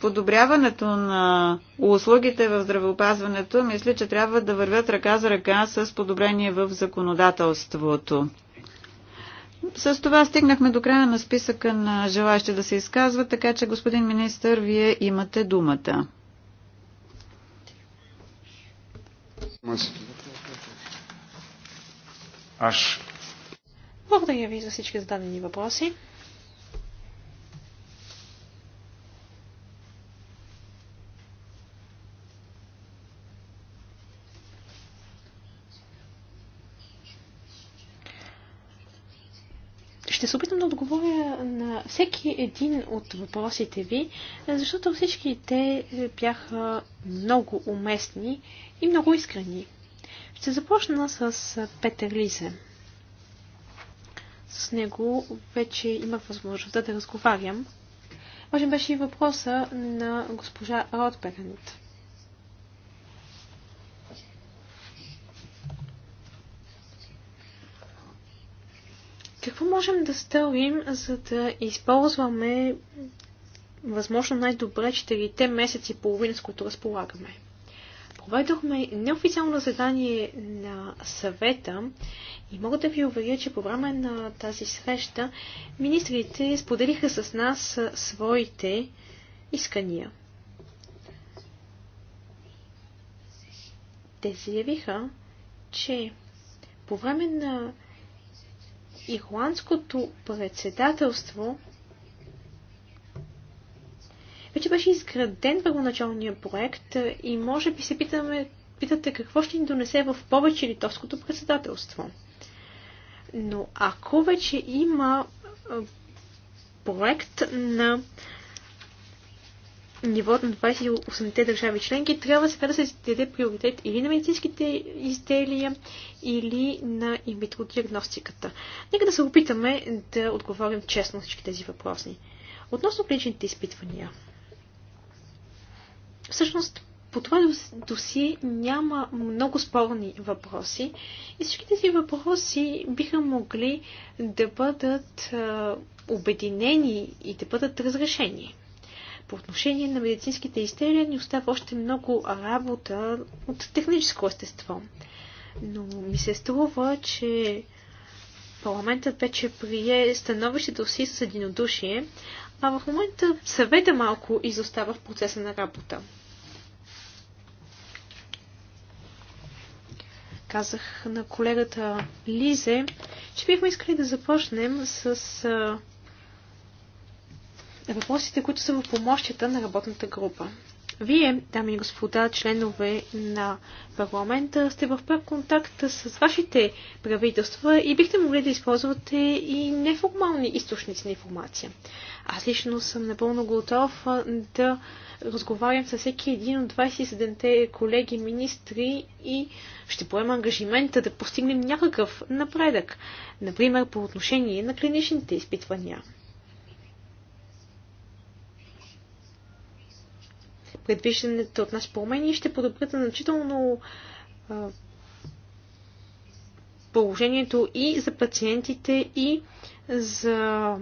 подобряването на услугите в здравеопазването, мисля, че трябва да вървят ръка за ръка с подобрение в законодателството. С това стигнахме до края на списъка на желащи да се изказват, така че, господин министър, вие имате думата. Аз благодаря ви за всички зададени въпроси. ще се опитам да отговоря на всеки един от въпросите ви, защото всички те бяха много уместни и много искрени. Ще започна с Петър Лизе с него вече имах възможността да разговарям. Важен беше и въпроса на госпожа Ротберент. Какво можем да сторим, за да използваме възможно най-добре 4 месеци и половина, с които разполагаме? Проведохме неофициално задание на съвета и мога да ви уверя, че по време на тази среща министрите споделиха с нас своите искания. Те заявиха, че по време на ирландското председателство вече беше изграден първоначалния проект и може би се питаме, питате какво ще ни донесе в повече литовското председателство. Но ако вече има проект на нивото на 28-те държави членки, трябва сега да се даде приоритет или на медицинските изделия, или на инвитро диагностиката. Нека да се опитаме да отговорим честно на всички тези въпроси. Относно клиничните изпитвания, Всъщност, по това досие няма много спорни въпроси и всички тези въпроси биха могли да бъдат обединени и да бъдат разрешени. По отношение на медицинските изделия ни остава още много работа от техническо естество. Но ми се струва, че Парламентът вече прие становището си с единодушие, а в момента съвета малко изостава в процеса на работа. Казах на колегата Лизе, че бихме искали да започнем с въпросите, които са в помощята на работната група. Вие, дами и господа, членове на парламента, сте в пръв контакт с вашите правителства и бихте могли да използвате и неформални източници на информация. Аз лично съм напълно готов да разговарям с всеки един от 27-те колеги министри и ще поема ангажимента да постигнем някакъв напредък, например по отношение на клиничните изпитвания. предвижданите от нас промени ще подобрят значително положението и за пациентите, и за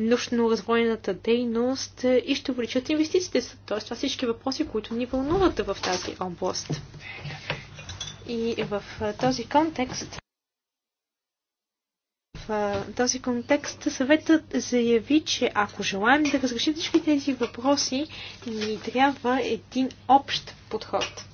научно-развойната дейност и ще увеличат инвестициите. Тоест, това всички въпроси, които ни вълнуват в тази област. И в този контекст този контекст съветът заяви, че ако желаем да разрешим всички тези въпроси, ни трябва един общ подход.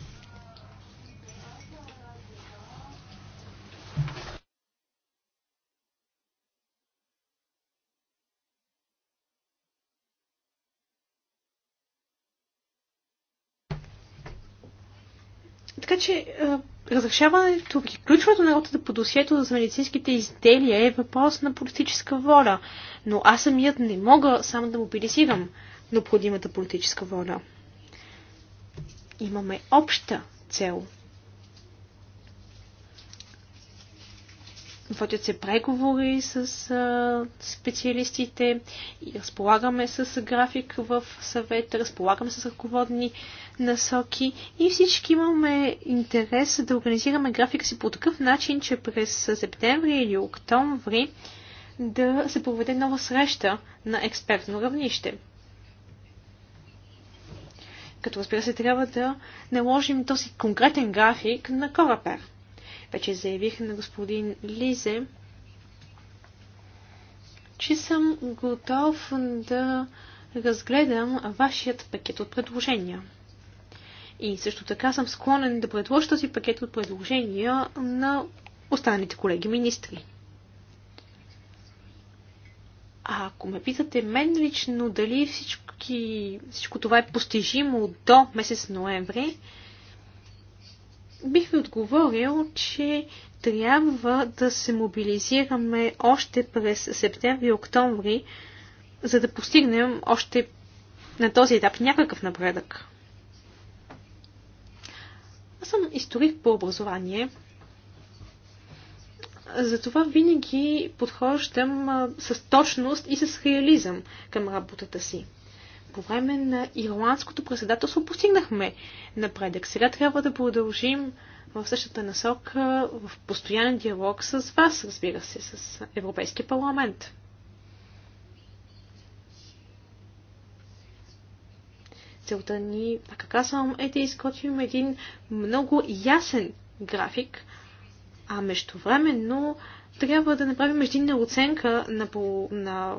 Така че разрешаването, ключването на работата по досието за медицинските изделия е въпрос на политическа воля. Но аз самият не мога само да мобилизирам необходимата политическа воля. Имаме обща цел – Водят се преговори с а, специалистите, и разполагаме с график в съвета, разполагаме с ръководни насоки и всички имаме интерес да организираме графика си по такъв начин, че през септември или октомври да се проведе нова среща на експертно равнище. Като разбира се, трябва да наложим този конкретен график на Корапер. Вече заявих на господин Лизе, че съм готов да разгледам вашият пакет от предложения. И също така съм склонен да предложа този пакет от предложения на останалите колеги министри. А ако ме питате мен лично дали всички, всичко това е постижимо до месец ноември, бих ви отговорил, че трябва да се мобилизираме още през септември и октомври, за да постигнем още на този етап някакъв напредък. Аз съм историк по образование, затова винаги подхождам с точност и с реализъм към работата си. По време на ирландското председателство постигнахме напредък. Сега трябва да продължим в същата насока в постоянен диалог с вас, разбира се, с Европейския парламент. Целта ни, така казвам, е да изготвим един много ясен график, а междувременно трябва да направим междинна оценка на, на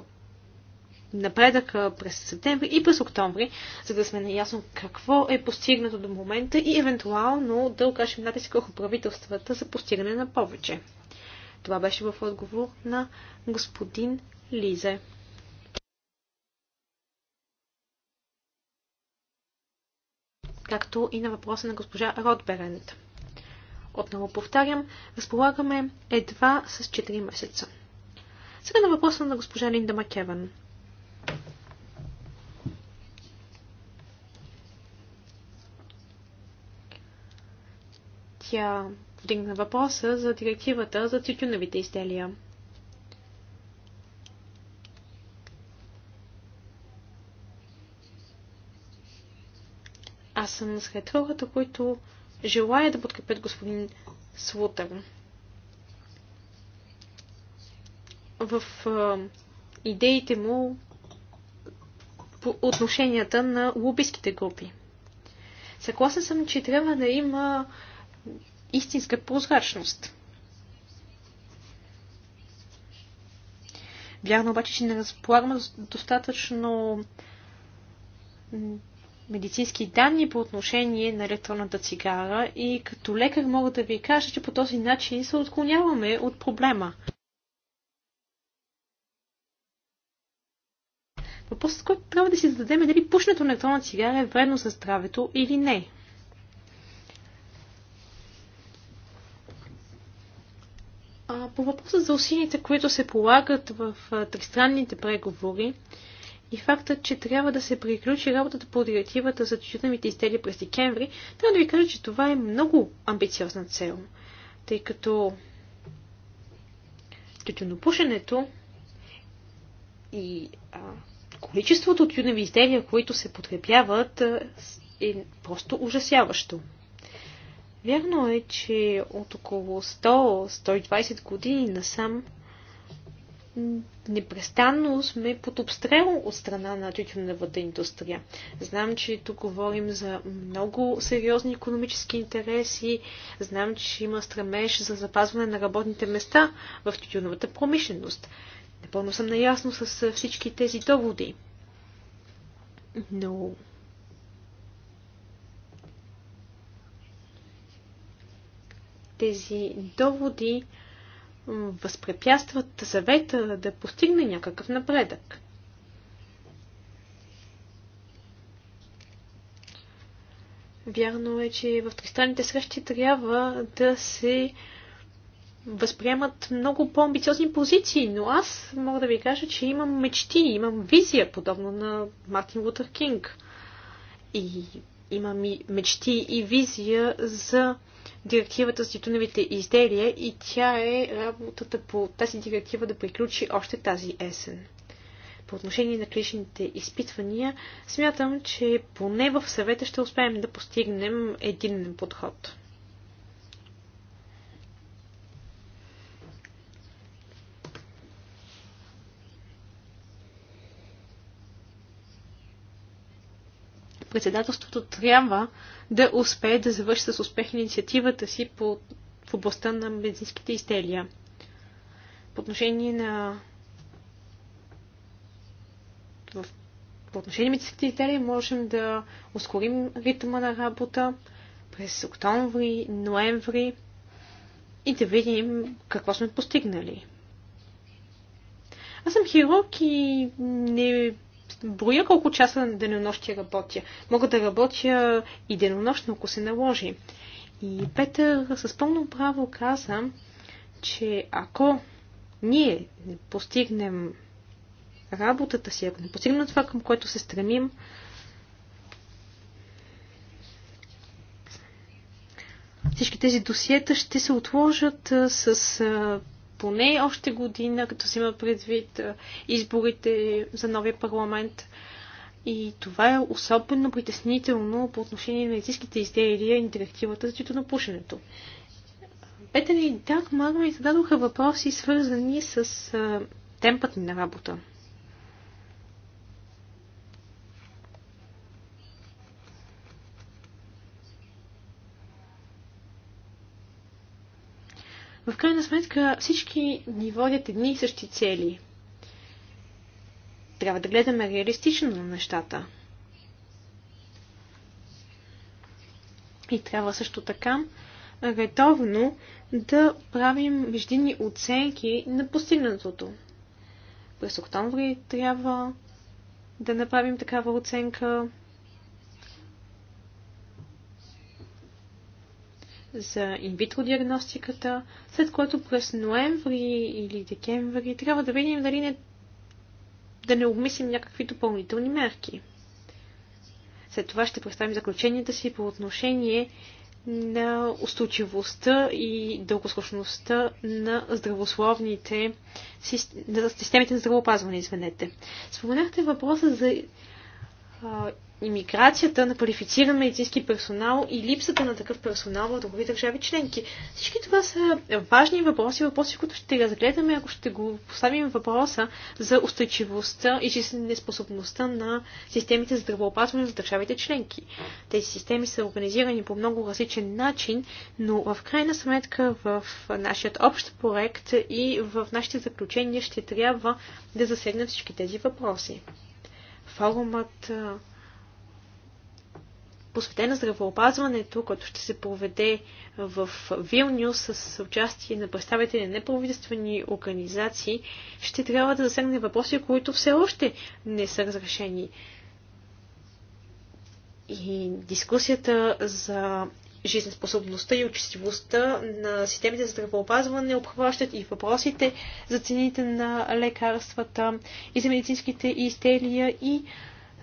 напредък през септември и през октомври, за да сме наясно какво е постигнато до момента и евентуално да окажем натиск върху правителствата за постигане на повече. Това беше в отговор на господин Лизе. както и на въпроса на госпожа Ротберент. Отново повтарям, разполагаме едва с 4 месеца. Сега на въпроса на госпожа Линда Макеван. Тя вдигна въпроса за директивата за тютюновите изделия. Аз съм сред хората, които желая да подкрепят господин Слутър. В идеите му по отношенията на лобистските групи. Съгласен съм, че трябва да има истинска прозрачност. Вярно обаче, че не разполагаме достатъчно медицински данни по отношение на електронната цигара и като лекар мога да ви кажа, че по този начин се отклоняваме от проблема. Въпросът, който трябва да си зададем е дали пушенето на електронна цигара е вредно за здравето или не. А, по въпроса за усилите, които се полагат в а, тристранните преговори и факта, че трябва да се приключи работата по директивата за тютюневите изделия през декември, трябва да ви кажа, че това е много амбициозна цел, тъй като тютюнопушенето и а, Количеството от юневи изделия, които се потребяват, е, е просто ужасяващо. Вярно е, че от около 100-120 години насам непрестанно сме под обстрел от страна на тютюневата индустрия. Знам, че тук говорим за много сериозни економически интереси, знам, че има стремеж за запазване на работните места в тютюневата промишленост. Напълно съм наясно с всички тези доводи. Но тези доводи възпрепятстват съвета да постигне някакъв напредък. Вярно е, че в тристранните срещи трябва да се възприемат много по-амбициозни позиции, но аз мога да ви кажа, че имам мечти, имам визия, подобно на Мартин Лутер Кинг. И имам и мечти и визия за директивата с тютюневите изделия и тя е работата по тази директива да приключи още тази есен. По отношение на клиничните изпитвания, смятам, че поне в съвета ще успеем да постигнем единен подход. председателството трябва да успее да завърши с успех инициативата си по, в областта на медицинските изделия. По отношение на в, по отношение на медицинските изделия можем да ускорим ритъма на работа през октомври, ноември и да видим какво сме постигнали. Аз съм хирург и не броя колко часа на денонощия работя. Мога да работя и денонощно, ако се наложи. И Петър с пълно право каза, че ако ние не постигнем работата си, ако не постигнем това, към което се стремим, всички тези досиета ще се отложат с поне още година, като се има предвид изборите за новия парламент. И това е особено притеснително по отношение на медицинските изделия и директивата за на пушенето. Петър и Дагмар ми зададоха въпроси, свързани с темпът на работа. в крайна сметка всички ни водят едни и същи цели. Трябва да гледаме реалистично на нещата. И трябва също така редовно да правим междинни оценки на постигнатото. През октомври трябва да направим такава оценка. за инвитро диагностиката, след което през ноември или декември трябва да видим дали не, да не обмислим някакви допълнителни мерки. След това ще представим заключенията си по отношение на устойчивостта и дългосрочността на здравословните на системите на здравеопазване, извинете. Споменахте въпроса за а, имиграцията на квалифициран медицински персонал и липсата на такъв персонал в други държави членки. Всички това са важни въпроси, въпроси, които ще разгледаме, ако ще го поставим въпроса за устойчивостта и жизнеспособността на системите за здравеопазване в държавите членки. Тези системи са организирани по много различен начин, но в крайна сметка в нашият общ проект и в нашите заключения ще трябва да засегнем всички тези въпроси. Форумът Посветена здравеопазването, който ще се проведе в Вилнюс с участие на представители на неправителствени организации, ще трябва да засегне въпроси, които все още не са разрешени. И дискусията за жизнеспособността и учтивостта на системите за здравеопазване обхващат и въпросите за цените на лекарствата и за медицинските изделия и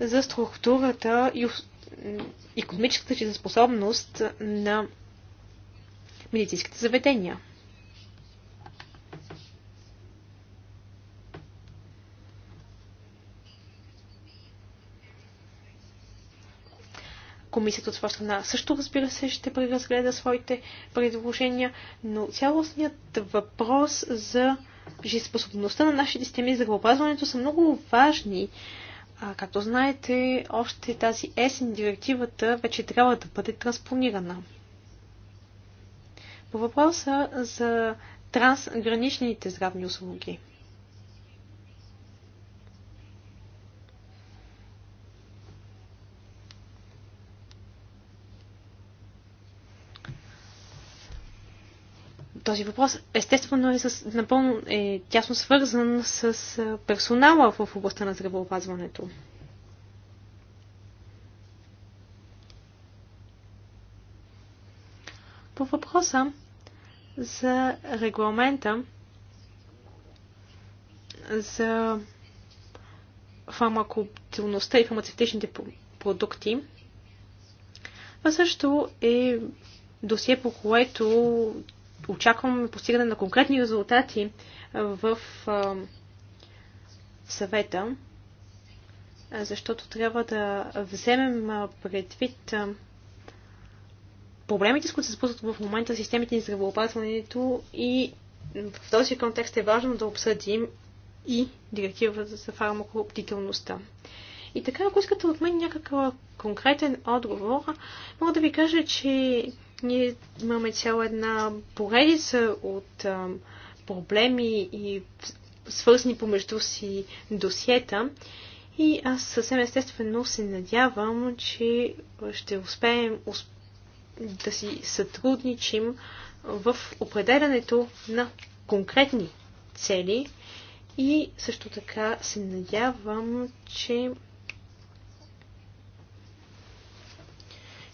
за структурата и економическата жизнеспособност на медицинските заведения. Комисията от своя страна също, разбира се, ще преразгледа своите предложения, но цялостният въпрос за жизнеспособността на нашите системи за здравеопазването са много важни а, както знаете, още тази есен директивата вече трябва да бъде транспонирана. По въпроса за трансграничните здравни услуги. този въпрос естествено е с, напълно е тясно свързан с персонала в областта на здравеопазването. По въпроса за регламента за фармакоптилността и фармацевтичните продукти, това също е досие, по което очакваме постигане на конкретни резултати в съвета, защото трябва да вземем предвид проблемите, с които се спускат в момента системите на здравеопазването и в този контекст е важно да обсъдим и директивата за фармакоптителността. И така, ако искате от мен някакъв конкретен отговор, мога да ви кажа, че ние имаме цяла една поредица от а, проблеми и свързани помежду си досиета. И аз съвсем естествено се надявам, че ще успеем усп... да си сътрудничим в определянето на конкретни цели и също така се надявам, че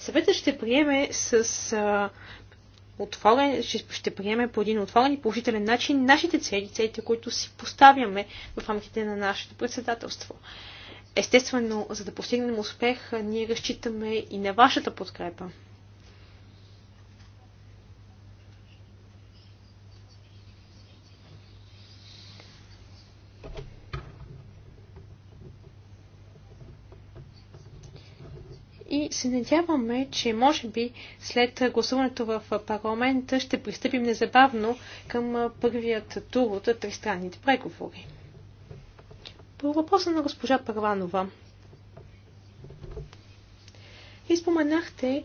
Съветът ще приеме с а, отворен, ще, ще приеме по един отворен и положителен начин нашите цели, целите, които си поставяме в рамките на нашето председателство. Естествено, за да постигнем успех, ние разчитаме и на вашата подкрепа. се надяваме, че може би след гласуването в парламента ще пристъпим незабавно към първият тур от тристранните преговори. По въпроса на госпожа Парванова, изпоменахте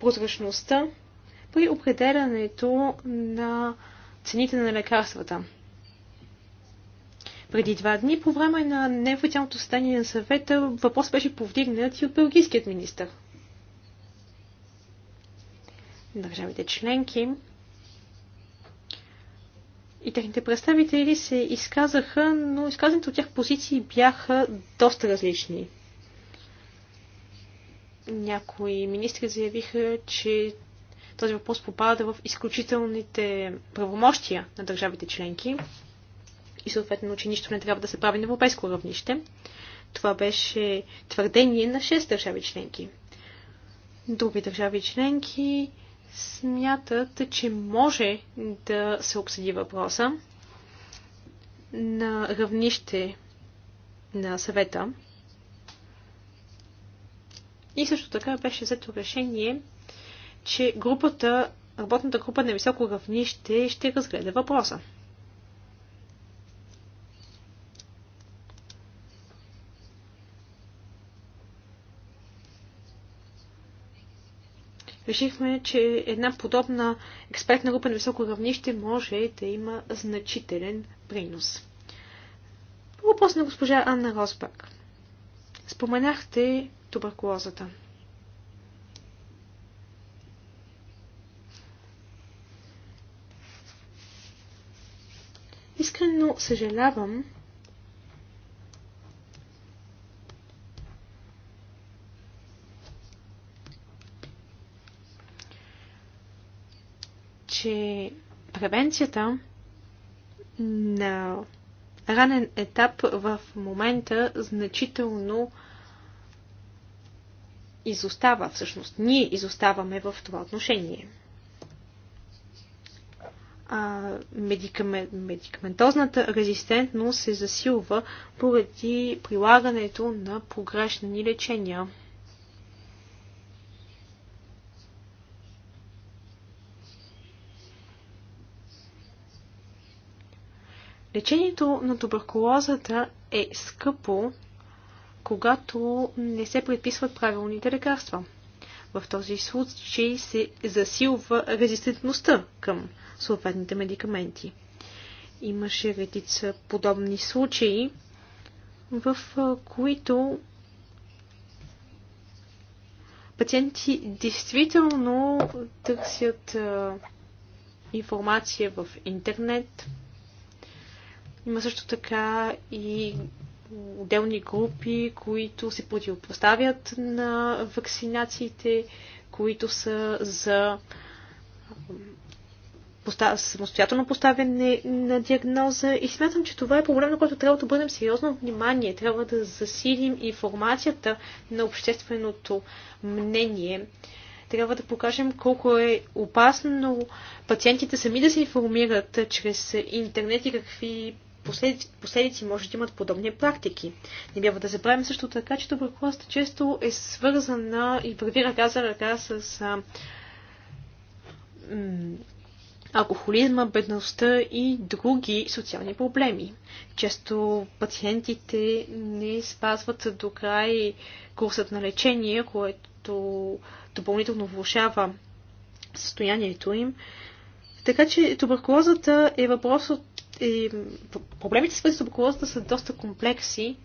прозрачността при определянето на цените на лекарствата преди два дни. По време на неофициалното състояние на съвета въпрос беше повдигнат и от белгийският министр. Държавите членки и техните представители се изказаха, но изказаните от тях позиции бяха доста различни. Някои министри заявиха, че този въпрос попада в изключителните правомощия на държавите членки и съответно, че нищо не трябва да се прави на европейско равнище. Това беше твърдение на 6 държави членки. Други държави членки смятат, че може да се обсъди въпроса на равнище на съвета. И също така беше взето решение, че групата, работната група на високо равнище ще разгледа въпроса. решихме, че една подобна експертна група на високо равнище може да има значителен принос. Въпрос на госпожа Анна Росбак. Споменахте туберкулозата. Искрено съжалявам, че превенцията на ранен етап в момента значително изостава. Всъщност, ние изоставаме в това отношение. А медикаментозната резистентност се засилва поради прилагането на погрешни лечения. Лечението на туберкулозата е скъпо, когато не се предписват правилните лекарства. В този случай се засилва резистентността към съответните медикаменти. Имаше редица подобни случаи, в които пациенти действително търсят информация в интернет, има също така и отделни групи, които се противопоставят на вакцинациите, които са за самостоятелно поставяне на диагноза и смятам, че това е проблем, на който трябва да бъдем сериозно внимание. Трябва да засилим информацията на общественото мнение. Трябва да покажем колко е опасно пациентите сами да се информират чрез интернет и какви последици, последици може да имат подобни практики. Не бива да забравим също така, че доброкласта често е свързана и върви ръка за ръка с а, алкохолизма, бедността и други социални проблеми. Често пациентите не спазват до край курсът на лечение, което допълнително влушава състоянието им. Така че туберкулозата е въпрос от проблемите с туберкулозата са доста комплекси.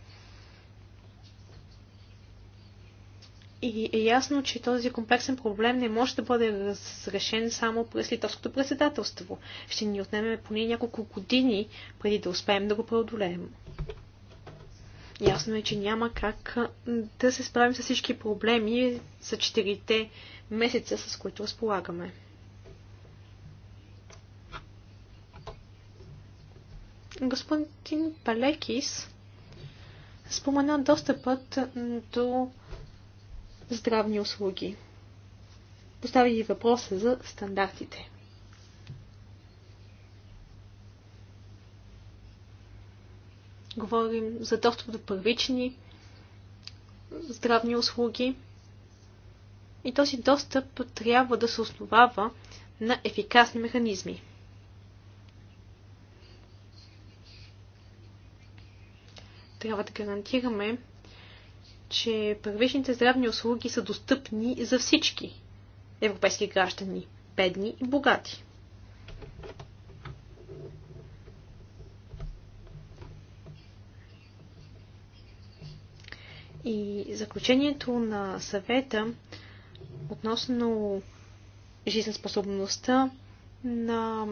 И е ясно, че този комплексен проблем не може да бъде разрешен само през литовското председателство. Ще ни отнеме поне няколко години преди да успеем да го преодолеем. Ясно е, че няма как да се справим с всички проблеми за четирите месеца, с които разполагаме. Господин Палекис спомена достъпът до здравни услуги. Постави и въпроса за стандартите. Говорим за достъп до първични здравни услуги. И този достъп трябва да се основава на ефикасни механизми. трябва да гарантираме, че първичните здравни услуги са достъпни за всички европейски граждани, бедни и богати. И заключението на съвета относно жизнеспособността на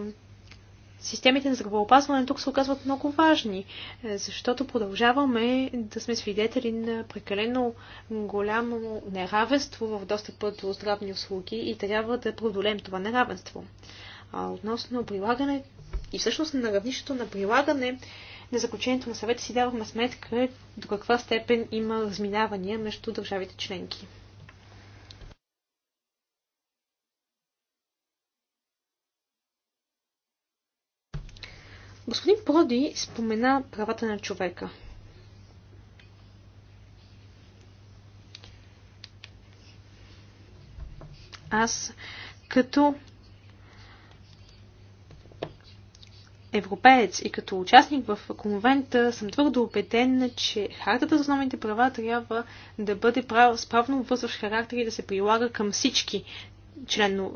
системите на здравеопазване тук се оказват много важни, е, защото продължаваме да сме свидетели на прекалено голямо неравенство в достъпа до здравни услуги и трябва да продолем това неравенство. А относно прилагане и всъщност на равнището на прилагане на заключението на съвета си давахме сметка до каква степен има разминавания между държавите членки. Господин Проди спомена правата на човека. Аз като европеец и като участник в конвента съм твърдо убеден, че хартата за основните права трябва да бъде справно вързващ характер и да се прилага към всички член,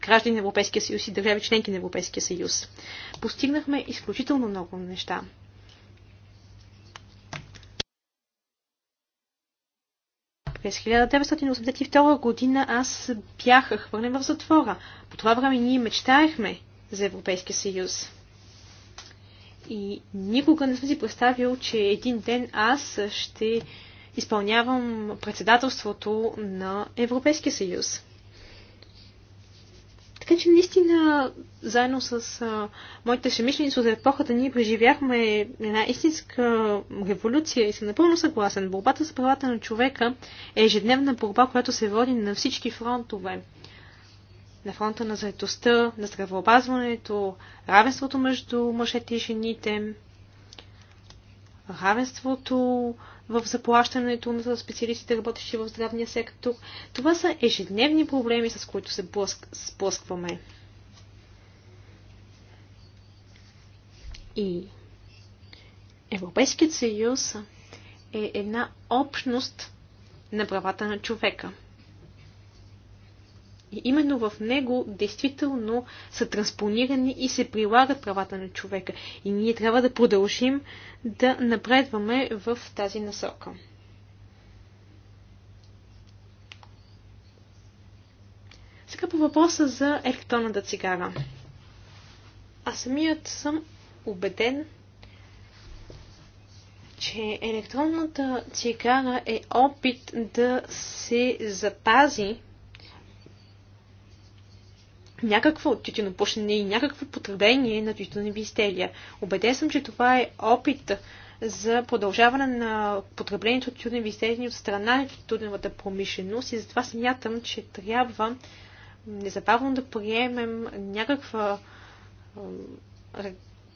граждани на Европейския съюз и държави членки на Европейския съюз. Постигнахме изключително много неща. През 1982 година аз бях хвърлен в затвора. По това време ние мечтаехме за Европейския съюз. И никога не съм си представил, че един ден аз ще изпълнявам председателството на Европейския съюз. Така че наистина, заедно с а, моите съмишленици от епохата, ние преживяхме една истинска революция и съм напълно съгласен. Борбата за правата на човека е ежедневна борба, която се води на всички фронтове. На фронта на заедостта, на здравеопазването, равенството между мъжете и жените, равенството в заплащането на специалистите, работещи в здравния сектор. Това са ежедневни проблеми, с които се сблъскваме. И Европейският съюз е една общност на правата на човека. И именно в него действително са транспонирани и се прилагат правата на човека. И ние трябва да продължим да напредваме в тази насока. Сега по въпроса за електронната цигара. Аз самият съм убеден, че електронната цигара е опит да се запази някакво тютюнопушене и някакво потребление на тютюневи изделия. Обеден съм, че това е опит за продължаване на потреблението от тютюневи изделия от страна на тютюневата промишленост и затова смятам, че трябва незабавно да приемем някаква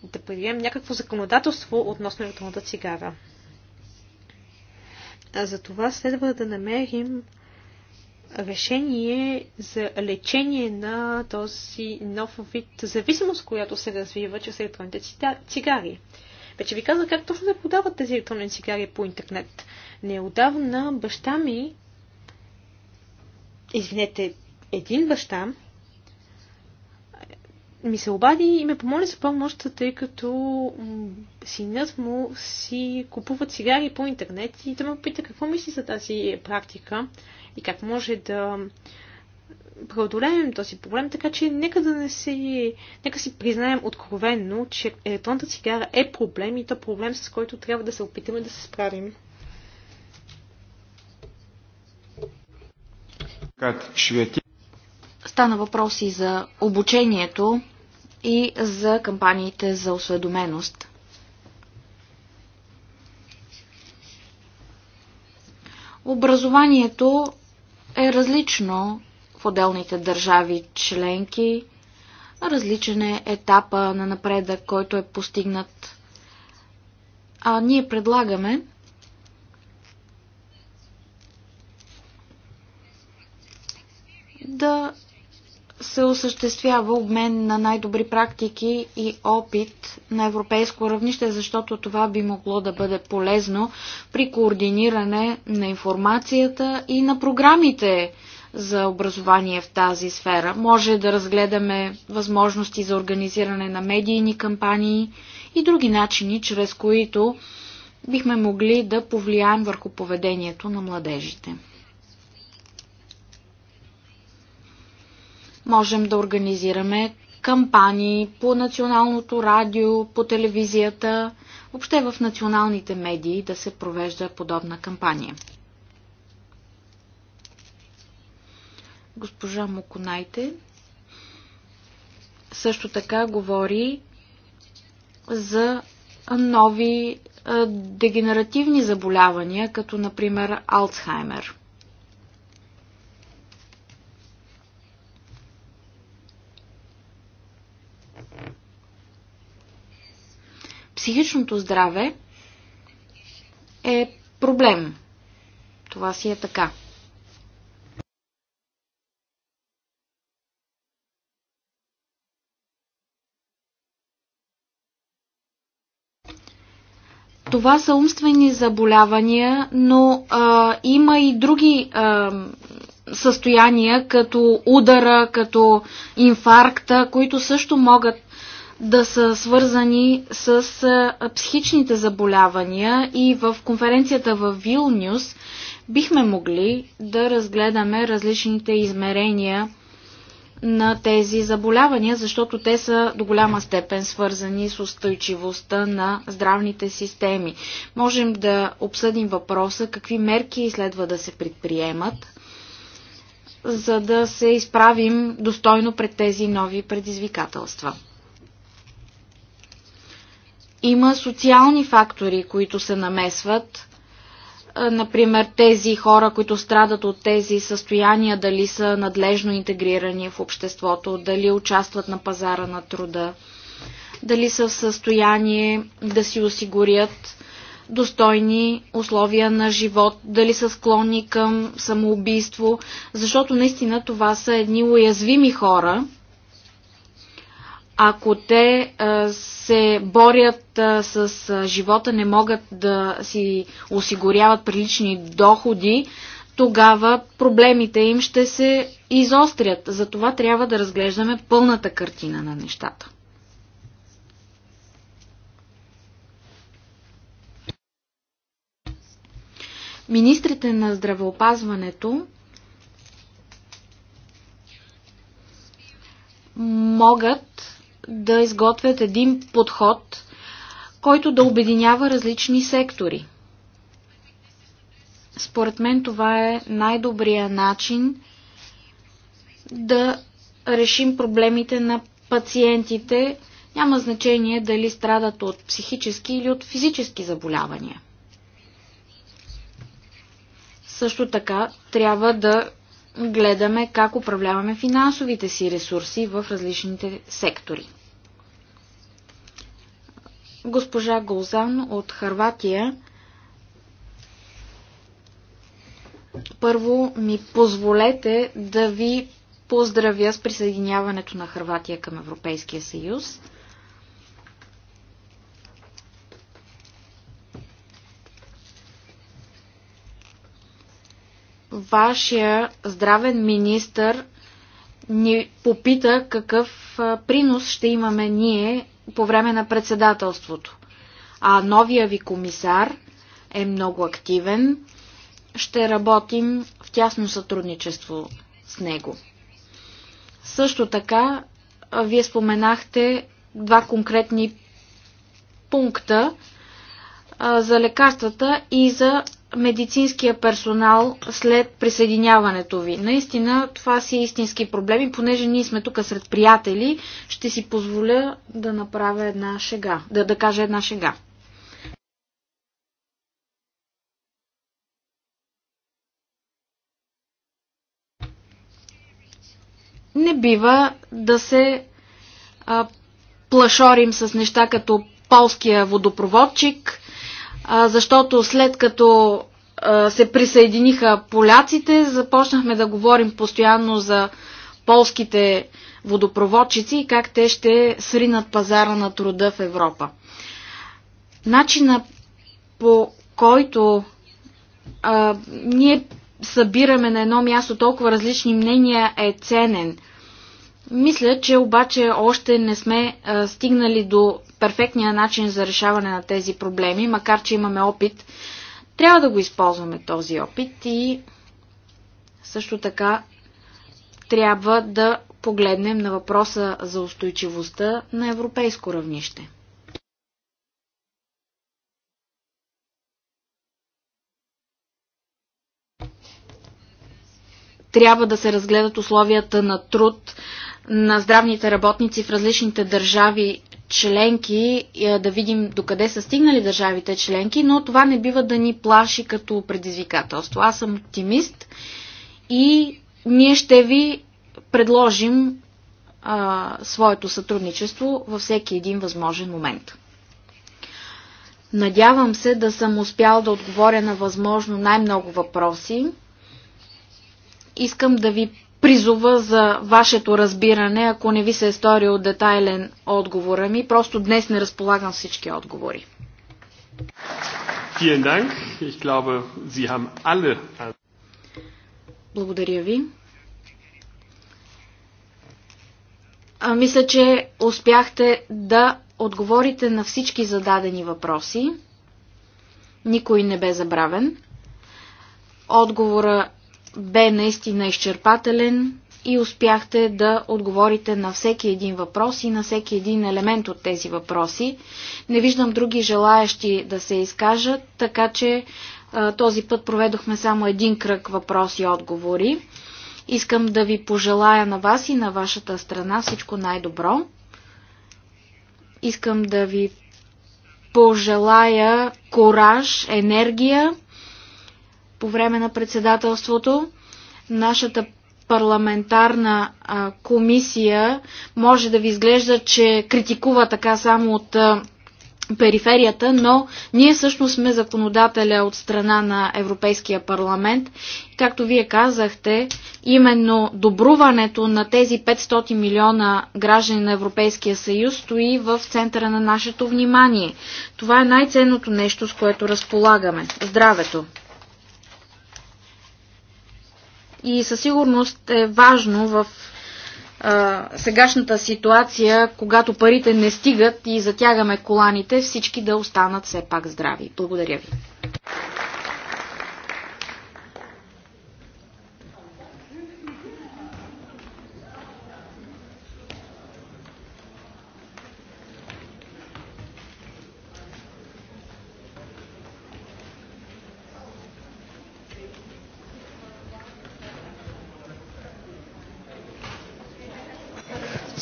да приемем някакво законодателство относно електронната цигара. А за това следва да намерим решение за лечение на този нов вид зависимост, която се развива чрез електронните цигари. Вече ви казах как точно да подават тези електронни цигари по интернет. Неодавна баща ми, извинете, един баща, ми се обади и ме помоли за помощ, тъй като синът му си купува цигари по интернет и да ме пита какво мисли за тази практика и как може да преодолеем този проблем, така че нека да не си, нека си признаем откровенно, че електронната цигара е проблем и то е проблем, с който трябва да се опитаме да се справим. Е Стана въпроси за обучението и за кампаниите за осведоменост. Образованието е различно в отделните държави членки. Различен е етапа на напредък, който е постигнат. А ние предлагаме да се осъществява обмен на най-добри практики и опит на европейско равнище, защото това би могло да бъде полезно при координиране на информацията и на програмите за образование в тази сфера. Може да разгледаме възможности за организиране на медийни кампании и други начини, чрез които бихме могли да повлияем върху поведението на младежите. можем да организираме кампании по националното радио, по телевизията, въобще в националните медии да се провежда подобна кампания. Госпожа Муконайте, също така говори за нови дегенеративни заболявания, като например Алцхаймер. психичното здраве е проблем. Това си е така. Това са умствени заболявания, но а, има и други а, състояния, като удара, като инфаркта, които също могат да са свързани с психичните заболявания и в конференцията в Вилнюс бихме могли да разгледаме различните измерения на тези заболявания, защото те са до голяма степен свързани с устойчивостта на здравните системи. Можем да обсъдим въпроса какви мерки следва да се предприемат, за да се изправим достойно пред тези нови предизвикателства. Има социални фактори, които се намесват. Например, тези хора, които страдат от тези състояния, дали са надлежно интегрирани в обществото, дали участват на пазара на труда, дали са в състояние да си осигурят достойни условия на живот, дали са склонни към самоубийство, защото наистина това са едни уязвими хора, ако те се борят с живота, не могат да си осигуряват прилични доходи, тогава проблемите им ще се изострят. Затова трябва да разглеждаме пълната картина на нещата. Министрите на здравеопазването могат да изготвят един подход, който да обединява различни сектори. Според мен това е най-добрия начин да решим проблемите на пациентите. Няма значение дали страдат от психически или от физически заболявания. Също така трябва да гледаме как управляваме финансовите си ресурси в различните сектори. Госпожа Голзан от Харватия Първо ми позволете да ви поздравя с присъединяването на Харватия към Европейския съюз. Вашия здравен министр ни попита какъв принос ще имаме ние по време на председателството. А новия ви комисар е много активен. Ще работим в тясно сътрудничество с него. Също така, вие споменахте два конкретни пункта за лекарствата и за медицинския персонал след присъединяването ви. Наистина, това е истински проблеми, понеже ние сме тук сред приятели, ще си позволя да направя една шега, да, да кажа една шега. Не бива да се а, плашорим с неща като полския водопроводчик – защото след като се присъединиха поляците, започнахме да говорим постоянно за полските водопроводчици и как те ще сринат пазара на труда в Европа. Начина по който а, ние събираме на едно място толкова различни мнения е ценен – мисля, че обаче още не сме а, е, стигнали до перфектния начин за решаване на тези проблеми, макар че имаме опит. Трябва да го използваме този опит и също така трябва да погледнем на въпроса за устойчивостта на европейско равнище. Трябва да се разгледат условията на труд на здравните работници в различните държави членки, е, да видим докъде са стигнали държавите членки, но това не бива да ни плаши като предизвикателство. Аз съм оптимист и ние ще ви предложим а, своето сътрудничество във всеки един възможен момент. Надявам се да съм успял да отговоря на възможно най-много въпроси. Искам да ви призова за вашето разбиране, ако не ви се е сторил детайлен отговора ми, просто днес не разполагам всички отговори. Благодаря ви. А, мисля, че успяхте да отговорите на всички зададени въпроси. Никой не бе забравен. Отговора бе наистина изчерпателен и успяхте да отговорите на всеки един въпрос и на всеки един елемент от тези въпроси. Не виждам други желаящи да се изкажат, така че този път проведохме само един кръг въпроси и отговори. Искам да ви пожелая на вас и на вашата страна всичко най-добро. Искам да ви пожелая кораж, енергия по време на председателството. Нашата парламентарна а, комисия може да ви изглежда, че критикува така само от а, периферията, но ние всъщност сме законодателя от страна на Европейския парламент. Както вие казахте, именно добруването на тези 500 милиона граждани на Европейския съюз стои в центъра на нашето внимание. Това е най-ценното нещо, с което разполагаме. Здравето! и със сигурност е важно в а, сегашната ситуация, когато парите не стигат и затягаме коланите, всички да останат все пак здрави. Благодаря ви.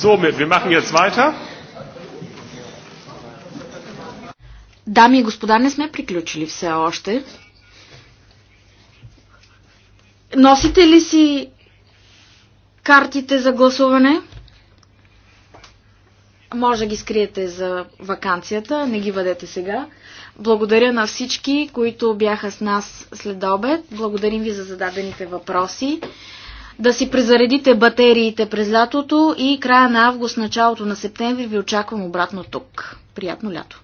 Somit, wir machen jetzt weiter. Дами и господа, не сме приключили все още. Носите ли си картите за гласуване? Може да ги скриете за вакансията, не ги бъдете сега. Благодаря на всички, които бяха с нас след обед. Благодарим ви за зададените въпроси да си презаредите батериите през лятото и края на август, началото на септември ви очаквам обратно тук. Приятно лято!